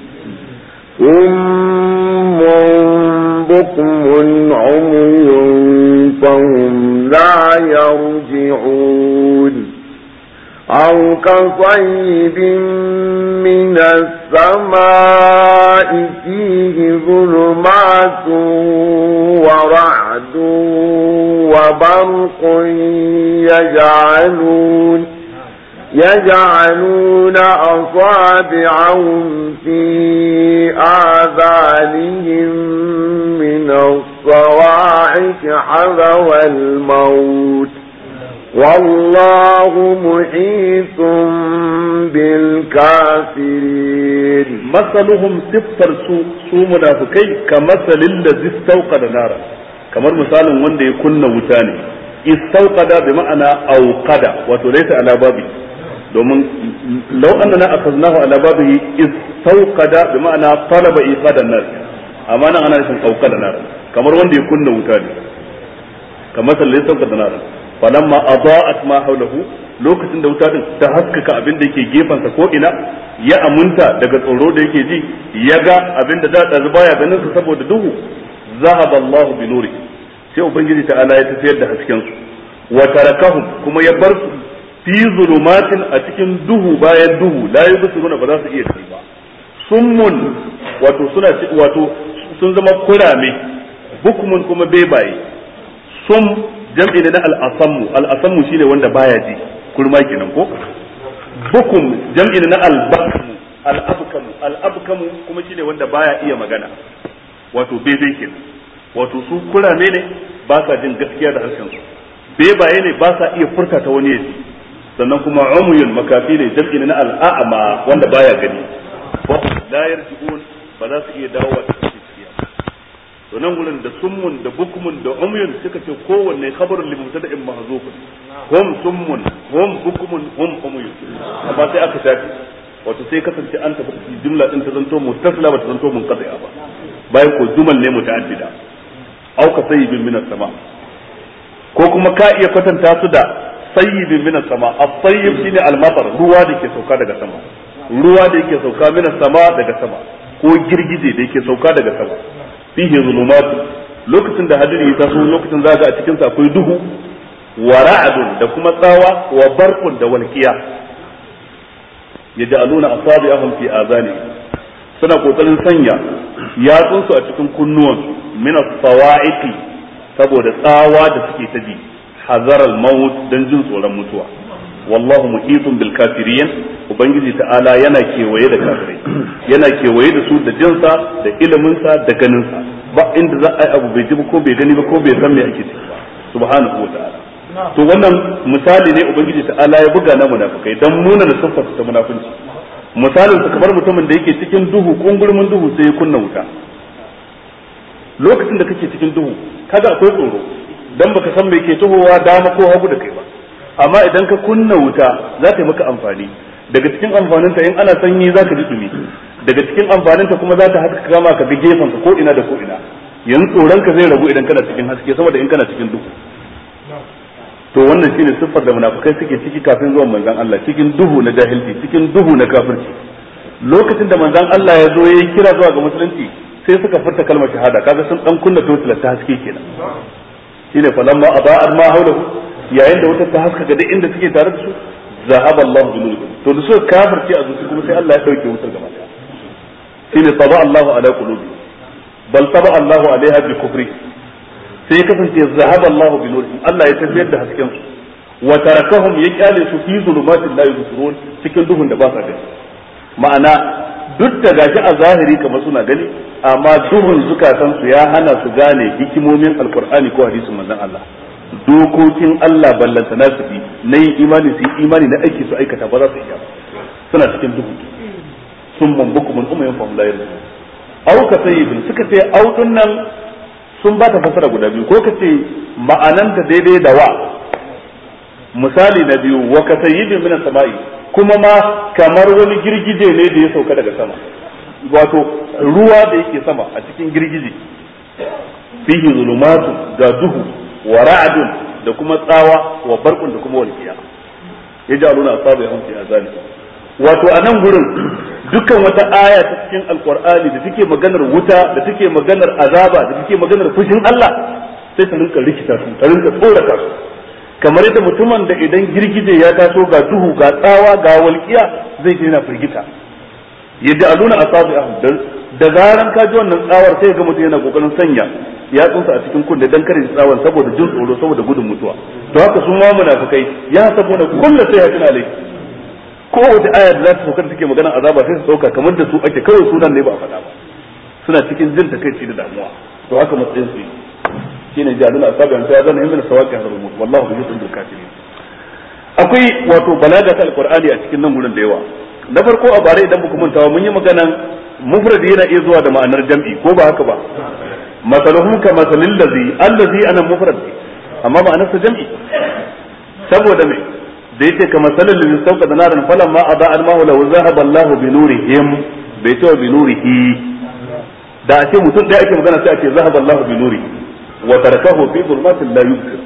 بكم عمي فهم لا يرجعون أو كصيب من السماء فيه ظلمات ورعد وبرق يجعلون يجعلون أصابعهم في آذانهم من الصواعق حذو الموت والله محيط بالكافرين مثلهم سفر سوء منافقين كمثل الذي استوقد نارا kamar misalin من يكون kunna استوقد بمعنى أوقد وتليس على auqada domin law annana akhadnahu ala babihi iz tawqada bi ma'ana talaba iqadan nar amma nan ana nufin tawqada nar kamar wanda ya kunna wuta ne kamar sallai tawqada nar falamma adaa'at ma hawlahu lokacin da wuta din ta haskaka abin da yake gefansa ko ina ya amunta daga tsoro da yake ji ya ga abin da da baya ganin sa saboda duhu zahaba Allah bi nuri sai ubangiji ta'ala ya tafiyar da hasken su wa tarakahum kuma ya bar su fi zulumatin a cikin duhu bayan duhu la bisu ba za su iya ba summun wato suna wato sun zama kurame bukmun kuma bebaye sum jam'i ne na al'asammu al'asammu shine wanda baya ji kurma kenan ko bukum jam'i ne na al'abkamu al'abkamu al'abkamu kuma shine wanda baya iya magana wato bebe kenan wato su kurame ne ba sa jin gaskiya da harshen su bebaye ne ba sa iya furta ta wani yaji sannan kuma umuyun makafi ne jam'i na al'a'ama wanda baya gani wa la yarji'un ba za su iya dawo da tafiya to nan gurin da summun da bukmun da umuyun suka ce kowanne khabarun li in mahzufun hum summun hum bukmun hum umuyun amma sai aka tafi wato sai kasance an tafi jumla din ta zanto mutasila ba ta zanto munqati'a ba bayan ko jumal ne muta'addida ka sayyibin minas sama ko kuma ka iya kwatanta su da sayyibi minas sama as-sayyib shine al-matar ruwa da ke sauka daga sama ruwa da yake sauka mina sama daga sama ko girgije da yake sauka daga sama fihi zulumatu lokacin da hadiri ya taso lokacin za a cikin sa akwai duhu wa ra'dun da kuma tsawa wa barkun da walqiya yaj'aluna asabi'ahum fi azani suna kokarin sanya yatsunsu a cikin kunnuwan min as-sawa'iqi saboda tsawa da suke ta ji hazar al-maut dan jin tsoron mutuwa wallahu muhitun bil kafirin ubangiji ta'ala yana kewaye da kafirai yana kewaye da su da jinsa da iliminsa da ganinsa ba inda za a yi abu bai ji ba ko bai gani ba ko bai san me ake ciki ba subhanahu wa ta'ala to wannan misali ne ubangiji ta'ala ya buga na munafikai dan nuna da siffar ta munafunci misalin su kamar mutumin da yake cikin duhu kungurmin duhu sai ya kunna wuta lokacin da kake cikin duhu kaga akwai tsoro dan baka san me ke wa dama ko hagu da kai ba amma idan ka kunna wuta za ta yi maka amfani daga cikin amfaninta in ana sanyi za ka ji dumi daga cikin amfaninta kuma za ta haska kama ka bi gefen ka ko ina da ko ina yanzu tsoron ka zai ragu idan kana cikin haske saboda in kana cikin duhu to wannan shine siffar da munafikai suke ciki kafin zuwan manzon Allah cikin duhu na jahilci cikin duhu na kafirci lokacin da manzon Allah ya zo ya kira zuwa ga musulunci sai suka furta kalmar shahada kaga sun dan kunna tosila ta haske kenan shine falamma aba'ar ma hawlahu yayin da wutar ta haska haskaka duk inda suke tare da su zahaba Allah bi nuri to da suka kafirce a zuci kuma sai Allah ya dauke wutar gaba daya shine taba Allah ala qulubi bal taba Allah alaiha bi kufri sai ya kasance zahaba Allah bi nuri Allah ya tafiyar da hasken su wa tarakahum ya kyale su fi zulumatin la yubsirun cikin duhun da ba sa gani ma'ana duk da gashi a zahiri kamar suna gani amma duhun su ya hana su gane hikimomin alkur'ani ko hadisin manzon Allah dokokin Allah ballanta na su na yin imani su yi imani na aiki su aikata ba za su iya suna cikin duhu sun mambuku mun umayin fa mulayir au ka bin suka ce au din nan sun ba ta fasara guda biyu ko ka ce ma'ananta daidai da wa misali na biyu wa ka sayyidin min sama'i kuma ma kamar wani girgije ne da ya sauka daga sama wato ruwa da yake sama a cikin girgije fihi zulumatu ga duhu wa ra'dun da kuma tsawa wa barkun da kuma walqiya yaj'aluna asabi hum fi azalika wato a nan gurin dukkan wata aya ta cikin alqur'ani da take maganar wuta da take maganar azaba da take maganar fushin Allah sai ta rinka rikita su ta rinka tsorata su kamar yadda mutumin da idan girgije ya taso ga duhu ga tsawa ga walƙiya zai ji yana firgita yadda aluna asabi ahdan da zaran ka ji wannan tsawar sai ga mutum yana kokarin sanya ya tsunsa a cikin kunne dan kare tsawon saboda jin tsoro saboda gudun mutuwa to haka su ma munafikai ya saboda kullu sai ya tuna ko wata ayar da za ta saukar take magana azaba sai su sauka kamar da su ake kawai sunan ne ba a faɗa ba suna cikin jin takaici da damuwa to haka matsayin su shine asabi an sai zan min har mu wallahu bi bil kafirin akwai wato balaga ta alqur'ani a cikin nan gurin da yawa na farko a bare idan muku mantawa mun yi maganan mufrad yana iya zuwa da ma'anar jam'i ko ba haka ba masaluhum ka masalil ladhi allazi ana mufrad amma ma'anar sa jam'i saboda me da yake ka masalil ladhi sauka naran ma ada almahu law zahaba allahu bi nurihim bai ce bi nurihi da a ce mutum da ake magana sai a ce zahaba allahu bi nurihi wa tarakahu fi zulmatin la yubsir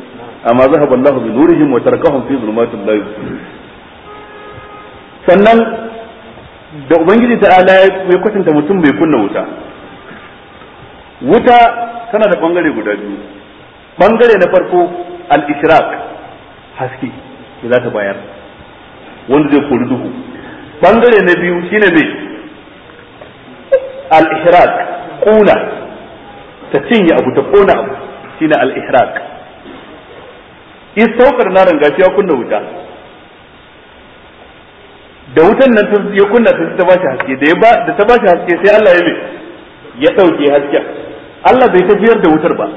amma zahaba Allahu bi nurihim wa tarakahum fi zulmatin la sannan da ubangiji ala ya kwatanta mutum bai kunna wuta wuta tana da bangare guda biyu bangare na farko al-ishraq haske da za ta bayar wanda zai kori duhu bangare na biyu shine mai al-ihraq kuna ta cinye abu ta kona abu shine al-ihraq istaukar naran gashi ya kunna wuta da wutan nan ta ya kunna ta ta bashi haske da ya ba da ta bashi haske sai Allah ya ya dauke haske. Allah bai tafiyar da wutar ba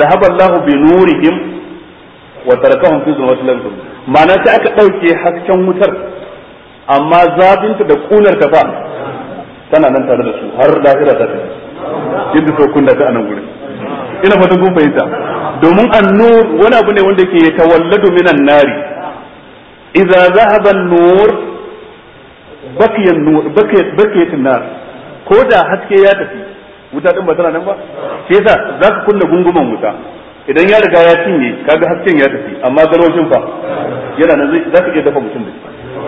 zahaballahu bi nurihim wa tarakahum fi dhulumatin lam ma'ana sai aka dauke hasken wutar amma zabinta da kunar ta fa tana nan tare da su har lahira ta ta yadda sau kunna ta anan gurin ina fata kun fahimta domin annur wani abu ne wanda ke tawalladu minan nari idza zahaba an-nur baqiya an-nur baqiya an-nar ko da haske ya tafi wuta din ba tana nan ba sai za zaka kunna gunguman wuta idan ya riga ya cinye kaga hasken ya tafi amma garwashin fa yana nan zai zaka iya dafa mutum da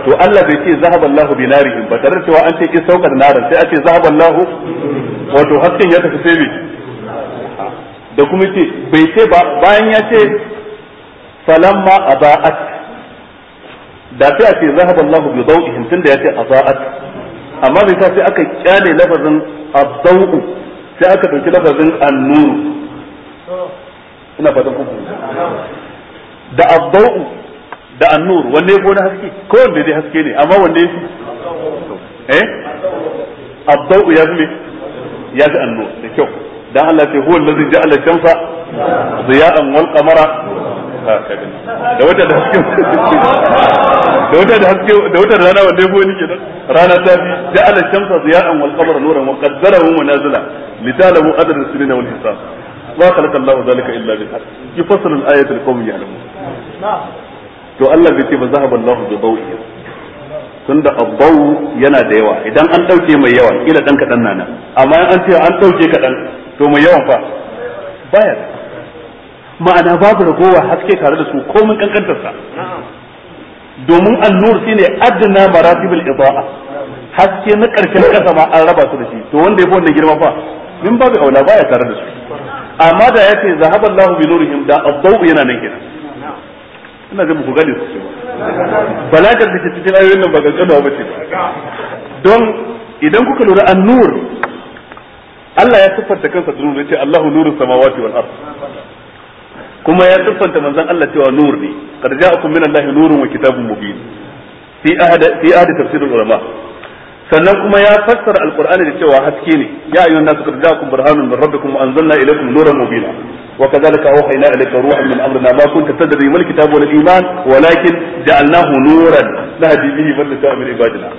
to Allah bai ce zahaba Allahu bi narihim ba tare da cewa an ce ki saukar narin sai a ce zahaba Allahu wato hasken ya tafi sai da kuma ce bai ce ba bayan ya ce falamma aba'at da sai a ce zahaba Allah bi dawihim tunda ya ce aba'at amma bai sa sai aka kyale lafazin abdawu sai aka dauki lafazin annur ina fatan ku da abdawu da annur wanne ko na haske ko wanne dai haske ne amma wanne yake eh abdawu ya zume ya ji annur da kyau dan Allah ce huwa allazi ja'ala shamsa ziya'an wal qamara da wata da haske da wata da haske da wata da rana wanda yabo nike rana ta ja'ala shamsa ziya'an wal qamara nuran wa qaddarahu manazila litalamu sinina wal hisab wa khalaqa Allahu dhalika illa bil yufassilu al-ayati liqawmin ya'lamun to Allah bai ce ba zahaba Allahu bi tunda abbau yana da yawa idan an ɗauke mai yawa kila dan kaɗan na nan amma an ce an ɗauke kaɗan to mai yawan fa baya ma'ana babu ragowa haske tare da su komai kankantarsa domin annur shine adna maratibul idaa haske na karshen kasa ma an raba su da shi to wanda yafi wannan girma fa min babu aula baya tare da su amma da yace zahaballahu bi nurihim da ad yana nan kina ina ga muku gane su cewa balagar da ke cikin ayoyin nan ba gaggano ba ce don idan kuka lura annur Allah ya siffanta kansa da nuru ce Allahu nuru samawati wal ard kuma ya siffanta manzon Allah cewa nur ne qad ja'akum min Allahi nurun wa kitabun mubin fi ahad fi ahad tafsir ulama sannan kuma ya fassara alqur'ani da cewa haske ne ya ayyuhan nasu qad ja'akum burhanun min rabbikum wa anzalna ilaykum nuran mubina wa kadhalika awhayna ilayka ruhan min amrina ma kunta tadri mal kitabu wal iman walakin ja'alnahu nuran nahdi bihi man nasha'u min ibadina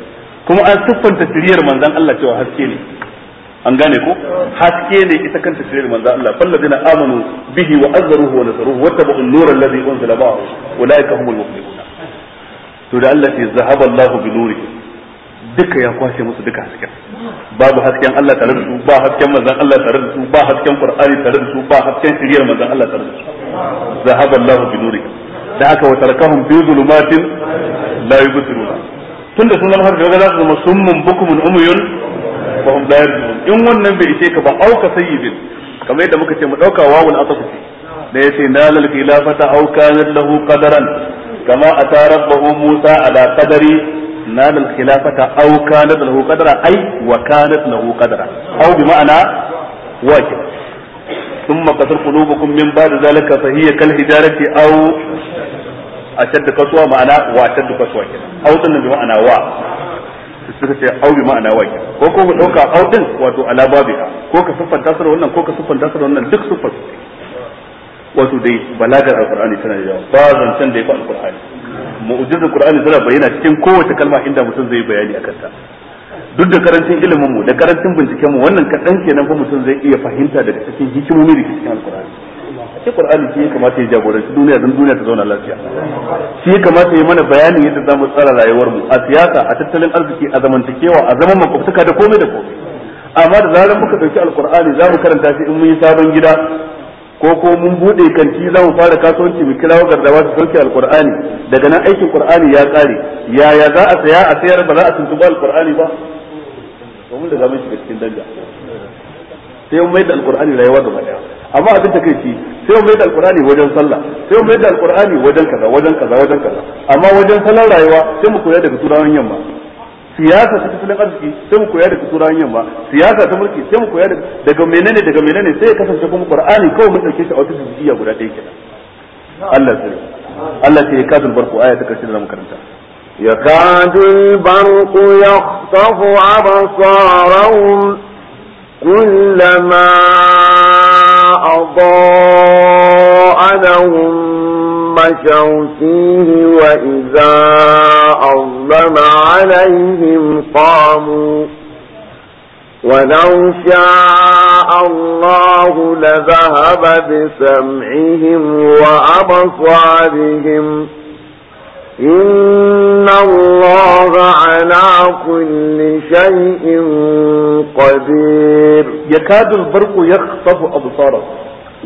kuma an siffanta siriyar manzon Allah cewa haske ne an gane ko haske ne ita kanta sirrin manzo Allah fal ladina amanu bihi wa azzaruhu wa nasaruhu wa tabu an-nura alladhi unzila ma'ahu ulaika humul muflihun to da Allah ya zahaba Allahu bi nurihi duka ya kwashe musu duka hasken babu hasken Allah tare da su ba hasken manzon Allah tare da su ba hasken Qur'ani tare da su ba hasken shiriyar manzon Allah tare da su zahaba Allahu bi nurihi da haka wa tarakahum fi zulumatin la yubsiruna tunda sun zama har ga za su zama summun bukumun umyun fa hum la yarjun in wannan bai ishe ka ba auka sayyibin kamar yadda muka ce mu dauka wawul asafu da ya yace nalal khilafata aw kana lahu qadaran kama ata rabbahu musa ala qadari nalal khilafata aw kana lahu qadara ai wa kanat lahu qadara au bi ma'ana wajib ثم قد قلوبكم من بعد ذلك فهي كالحجارة أو أشد قسوة معنى وأشد قسوة أو تنبي معنى و suka ce au bi ma'ana waki ko ko ku dauka au din wato ala babiha ko ka siffanta su wannan ko ka siffanta su wannan duk siffar wato dai balagar alqur'ani tana da yawa ba zancen da ya fi alqur'ani mu'jizu alqur'ani tana bayyana cikin kowace kalma inda mutum zai bayani akan ta duk da karancin ilimin mu da karancin binciken mu wannan kadan kenan fa mutum zai iya fahimta daga cikin hikimomi da cikin alqur'ani shi qur'ani shi ya kamata ya jagoranci duniya don duniya ta zauna lafiya shi ya kamata ya mana bayanin yadda zamu tsara rayuwar mu a siyasa a tattalin arziki a zamantakewa a zaman makwabtaka da komai da komai amma da zarar muka dauki alqur'ani zamu karanta shi in mun yi sabon gida ko ko mun bude kanti za mu fara kasuwanci mu kirawo gardawa su sauke alqur'ani daga nan aikin qur'ani ya kare yaya za a saya a sayar ba za a tuntuba alqur'ani ba to mun da zamu shiga cikin danja sai mun mai da alqur'ani rayuwa gaba daya amma abin ta kai sai mu da alqur'ani wajen sallah sai mu da alqur'ani wajen kaza wajen kaza wajen kaza amma wajen salon rayuwa sai mu koya daga turawan yamma siyasa ta tafi arziki sai mu koya daga turawan yamma siyasa ta mulki sai mu koya daga menene daga menene sai ya kasance kuma qur'ani kawai mun dauke shi a wata jijiya guda ɗaya kenan Allah sai Allah sai ya kasul barku aya ta karshe da mu karanta يكاد البرق يخطف أبصارهم كلما أضاء لهم مشوا فيه وإذا أظلم عليهم قاموا ولو شاء الله لذهب بسمعهم وأبصارهم إن الله على كل شيء قدير يكاد البرق يخطف أبصاره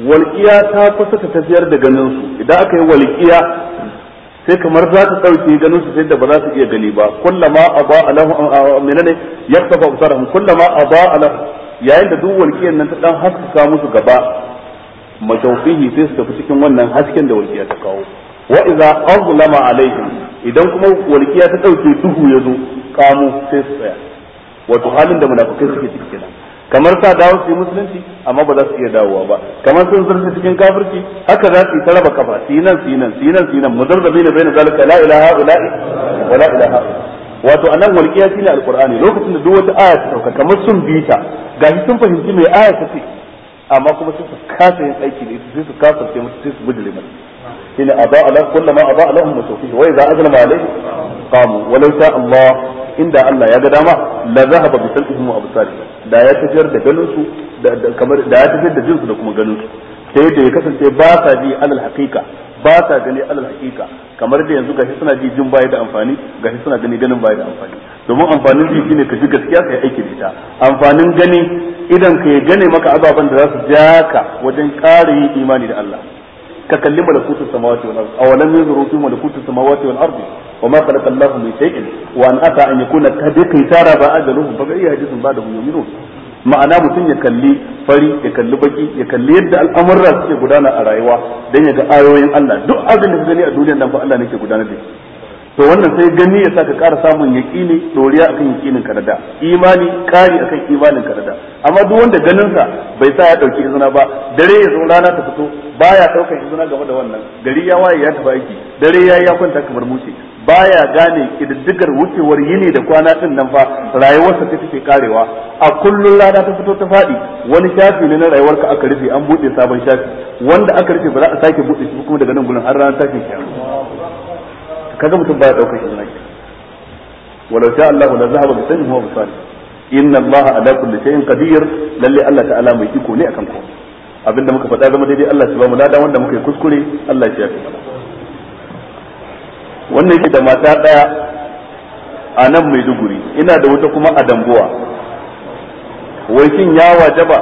walƙiya ta kusa ta tafiyar da ganinsu idan aka yi walƙiya sai kamar za ta ɗauke ganinsu sai da ba za su iya gani ba kullama aba alahu menene yaktafa absarahum kullama aba alahu yayin da duk walƙiyar nan ta dan haskaka musu gaba majawfihi sai su tafi cikin wannan hasken da walƙiya ta kawo wa idza azlama alaihim idan kuma walkiya ta dauke duhu ya kamu sai su tsaya wato halin da munafikai suke ciki kenan kamar sa dawo su yi musulunci amma ba za su iya dawowa ba kamar sun zarta cikin kafirci haka za su yi taraba kafa su yi nan su yi nan su yi nan su yi nan na zalika la ilaha ula'i wa la ilaha wato anan walkiya shine alqur'ani lokacin da duk wata aya ta sauka kamar sun bi ta gashi sun fahimci mai aya ta ce amma kuma sun su kasa yin aiki da ita sai su kasa sai sai su bijire mata حين أضاء له كل ما أضاء لهم مسوفيه وإذا أظلم عليه قاموا ولو شاء الله إن دا الله يا قدامة لا ذهب بسلئهم وأبصارهم da ya tafiyar da ganinsu kamar da ya tafiyar da jinsu da kuma ganinsu sai da ya kasance ba sa ji alal haqiqa ba sa gani alal haqiqa kamar da yanzu gashi suna ji jin baya da amfani gashi suna gani ganin baya da amfani domin amfanin ji shine ka ji gaskiya kai aiki da ita amfanin gani idan ka gane maka ababen da za su ja ka wajen ƙara yin imani da Allah ka kalli malakutus samawati wal ardi awalam yanzuru fi malakutus samawati wal ardi وما خلق الله من شيء وان اتى ان يكون قد قيسار باجله فبأي حديث بعده يؤمنون ma'ana mutum ya kalli fari ya kalli baki ya kalli yadda al'amurra suke gudana a rayuwa Dan ya ga ayoyin Allah duk abin da gani a duniyar nan fa Allah ne ke gudanar da to wannan sai gani ya saka ƙara samun yaƙini ɗoriya akan yaƙinin ka imani ƙari akan imanin ka da amma duk wanda ganinsa bai sa ya ɗauki izina ba dare ya zo rana ta fito baya ɗaukar izina game da wannan gari ya waye ya tafi aiki dare ya yi ya kwanta kamar mushe baya gane ƙididdigar wucewar yini da kwana ɗin nan fa rayuwarsa ta take karewa a kullum rana ta fito ta faɗi wani shafi ne na rayuwarka aka rufe an buɗe sabon shafi wanda aka rufe ba za a sake buɗe shi kuma daga nan gudun, har rana ta ke kaga mutum baya daukar shi zaki walau sha Allah la zahaba bi sanin huwa bi salih inna Allah ala kulli shay'in qadir lalle Allah ta'ala mai iko ne akan kowa abinda muka faɗa zama daidai Allah ya ba mu lada wanda muka yi kuskure Allah ya fi wannan yake da mata daya a nan Maiduguri ina da wata kuma a Dambuwa wai shin ya wajaba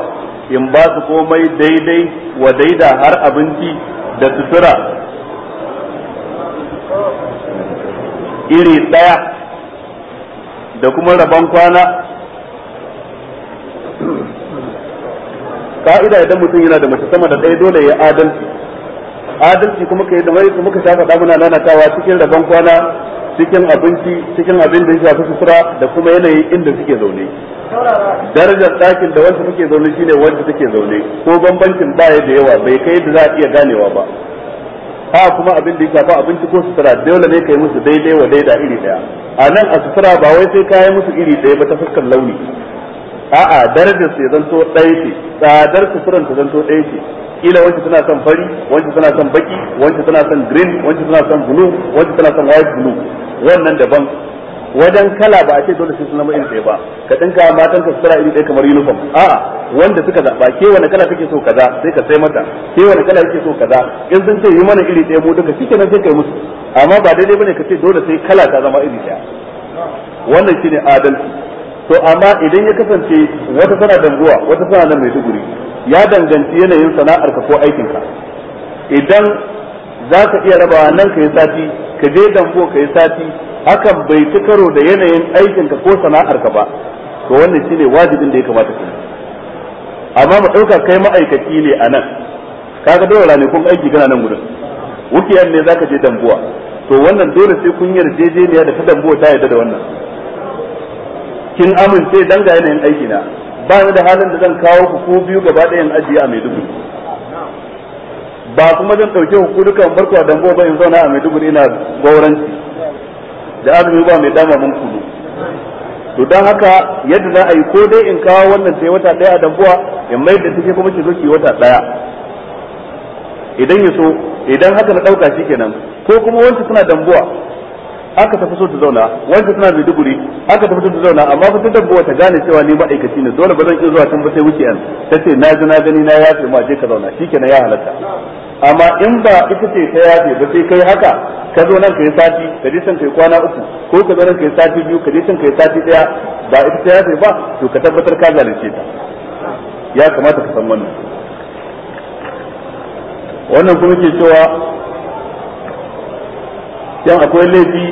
in ba su komai daidai wa daida har abinci da sutura iri ɗaya da kuma rabon kwana ka'ida idan mutum yana da mace sama da ɗaya dole ya adalci adalci kuma kai da wani muka shafa da muna lalatawa cikin rabon kwana cikin abinci cikin abin da shafi sutura da kuma yanayi inda suke zaune darajar ɗakin da wanda suke zaune shine wanda take zaune ko bambancin baya da yawa bai kai da za a iya ganewa ba ha kuma abin da ya shafa abinci ko sutura dole ne kai musu daidai wa daida iri daya a nan a sutura ba wai sai kayi musu iri daya ba ta fuskar launi a'a darajar su ya zanto ɗaya ce tsadar suturan ta zanto ɗaya ce kila wacce tana son fari wacce tana son baki wacce tana son green wacce tana son blue wacce tana son white blue wannan daban wajen kala ba a ce dole sai su irin iri ɗaya ba ka dinka matan ka iri ɗaya kamar uniform a'a wanda suka zaɓa ke wani kala kake so kaza sai ka sai mata ke wani kala kake so kaza in sun ce yi mana iri ɗaya mu duka kenan sai kai musu amma ba daidai bane ka ce dole sai kala ta zama iri ɗaya wannan shine adalci to amma idan ya kasance wata tana danguwa wata tana nan mai duguri ya danganci yanayin sana'ar ka ko aikin ka idan za ka iya rabawa nan ka yi sati ka je dambo ka yi sati hakan bai ci karo da yanayin aikinka ko sana'arka ba to wannan shine wajibin da ya kamata ka yi amma mu ɗauka kai ma'aikaci ne a nan kaga dole kun aiki kana nan gudun wukiyan ne zaka je dambuwa to wannan dole sai kun yarjejeniya da ta dambuwa ta yadda da wannan kin amince dan ga yanayin aiki na ba ni da halin da zan kawo ku ko biyu gaba ɗayan ajiye a Maiduguri ba kuma zan ɗauke ku dukan barkwa a dambuwa ba in zauna a Maiduguri ina gauranci da azumi ba mai dama mun kulu to dan haka yadda za a yi ko dai in kawo wannan sai wata daya a dambuwa in mai da take kuma ki zo ki wata daya idan ya so idan haka na dauka kenan ko kuma wanda suna dambuwa aka tafi so ta zauna wanda suna mai Maiduguri aka tafi so ta zauna amma fa ta dambuwa ta gane cewa ni ma'aikaci ne dole ba zan iya zuwa can ba sai an tace na ji na gani na yafe ma je ka zauna shikenan ya halatta amma in ba ita ce ta yafe ba sai kai haka ka zo nan kai sati ka je can kai kwana uku ko ka zo nan kai sati biyu ka je can kai sati daya ba ita ta yafe ba to ka tabbatar ka zalunce ta ya kamata ka san wannan wannan kuma ke cewa yan akwai laifi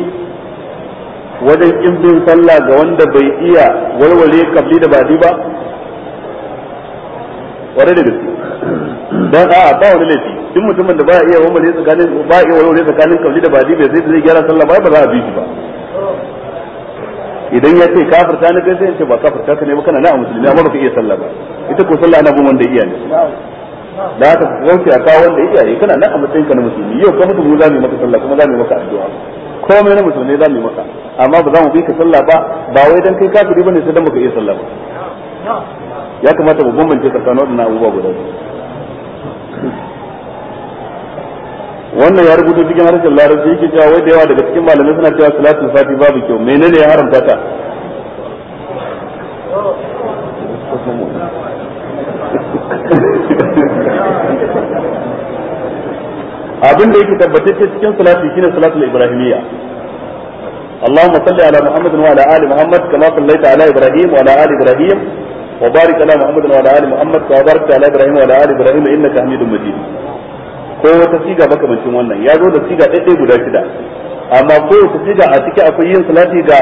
wajen kin bin sallah ga wanda bai iya walwale kabli da badi ba ware da gaske dan a'a ba wani laifi in mutumin da baya iya wamale tsakanin ba iya wani tsakanin kauli da badi bai da zai gyara sallah ba ba za a bi shi ba idan ya ce kafirta ne kai sai ce ba kafirta ka ne ba kana na musulmi amma baka iya sallah ba ita ko sallah ana bin wanda iya ne da haka kauce a kawo wanda iya ne kana na a matsayin ka na musulmi yau ka mutu mu za mu maka sallah kuma za mu maka addu'a komai na musulmi za mu maka amma ba za mu bi ka sallah ba ba wai dan kai kafiri bane sai dan baka iya sallah ba ya kamata mu bambance tsakanin waɗannan abubuwa guda biyu wannan ya rubuta cikin harshen larabci yake cewa wai da yawa daga cikin malamai suna cewa salatu sati babu kyau menene ya haramta ta abin da yake tabbatacce cikin salatu shine salatul ibrahimiyya اللهم صل على محمد وعلى ال محمد كما صليت على ابراهيم وعلى ال ابراهيم وبارك على محمد وعلى ال محمد كما باركت على ابراهيم وعلى ال ابراهيم انك حميد مجيد ko wata siga makamancin wannan ya zo da siga ɗaiɗai guda shida amma ko wata siga a ciki akwai yin salati ga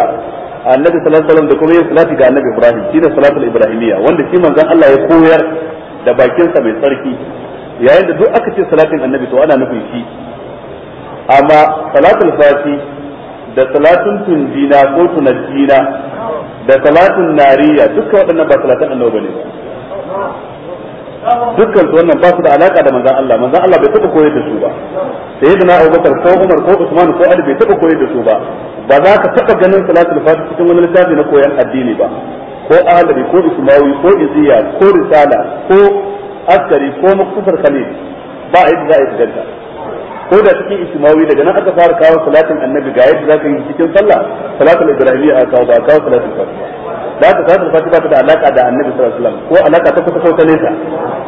annabi sallallahu da kuma yin salati ga annabi ibrahim shi ne salatul ibrahimiyya wanda shi manzon Allah ya koyar da bakinsa mai tsarki yayin da duk aka ce salatin annabi to ana nufin shi amma salatul fati da salatun tunjina ko tunajjina da salatun nariya duka waɗannan ba salatun annabi bane dukkan su wannan ba su da alaka da manzon Allah manzon Allah bai taba koyar da su ba na Abubakar ko Umar ko Usman ko Ali bai taba koyar da su ba ba za ka taba ganin salatul fati cikin wani littafi na koyan addini ba ko ahlari ko ismawi ko iziya ko risala ko askari ko muktasar Khalid ba a yadda za a yi ganta ko da cikin ismawi daga nan aka fara kawo salatin annabi ga yadda za ka yi cikin sallah salatul ibrahimiyya aka kawo ba kawo salatul fatiha da haka salatul ba ta da alaka da annabi sallallahu alaihi wasallam ko alaka ta kusa ko nesa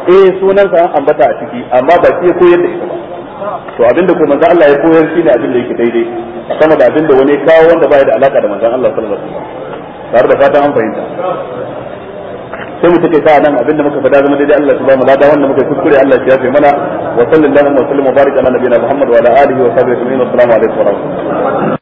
eh sunan sa an ambata a ciki amma ba shi koyar da ita ba to abinda ko manzo Allah ya koyar shi ne abinda yake daidai sama da abinda wani kawo wanda baya da alaka da manzo Allah sallallahu alaihi wasallam tare da fatan an fahimta sai mu take sa nan abinda muka fada zama daidai Allah subhanahu wa ta'ala wanda muka kuskure Allah ya yafe mana wa sallallahu wa sallam wa baraka ala nabiyina Muhammad wa ala alihi wa sahbihi wa assalamu alaikum wa rahmatullahi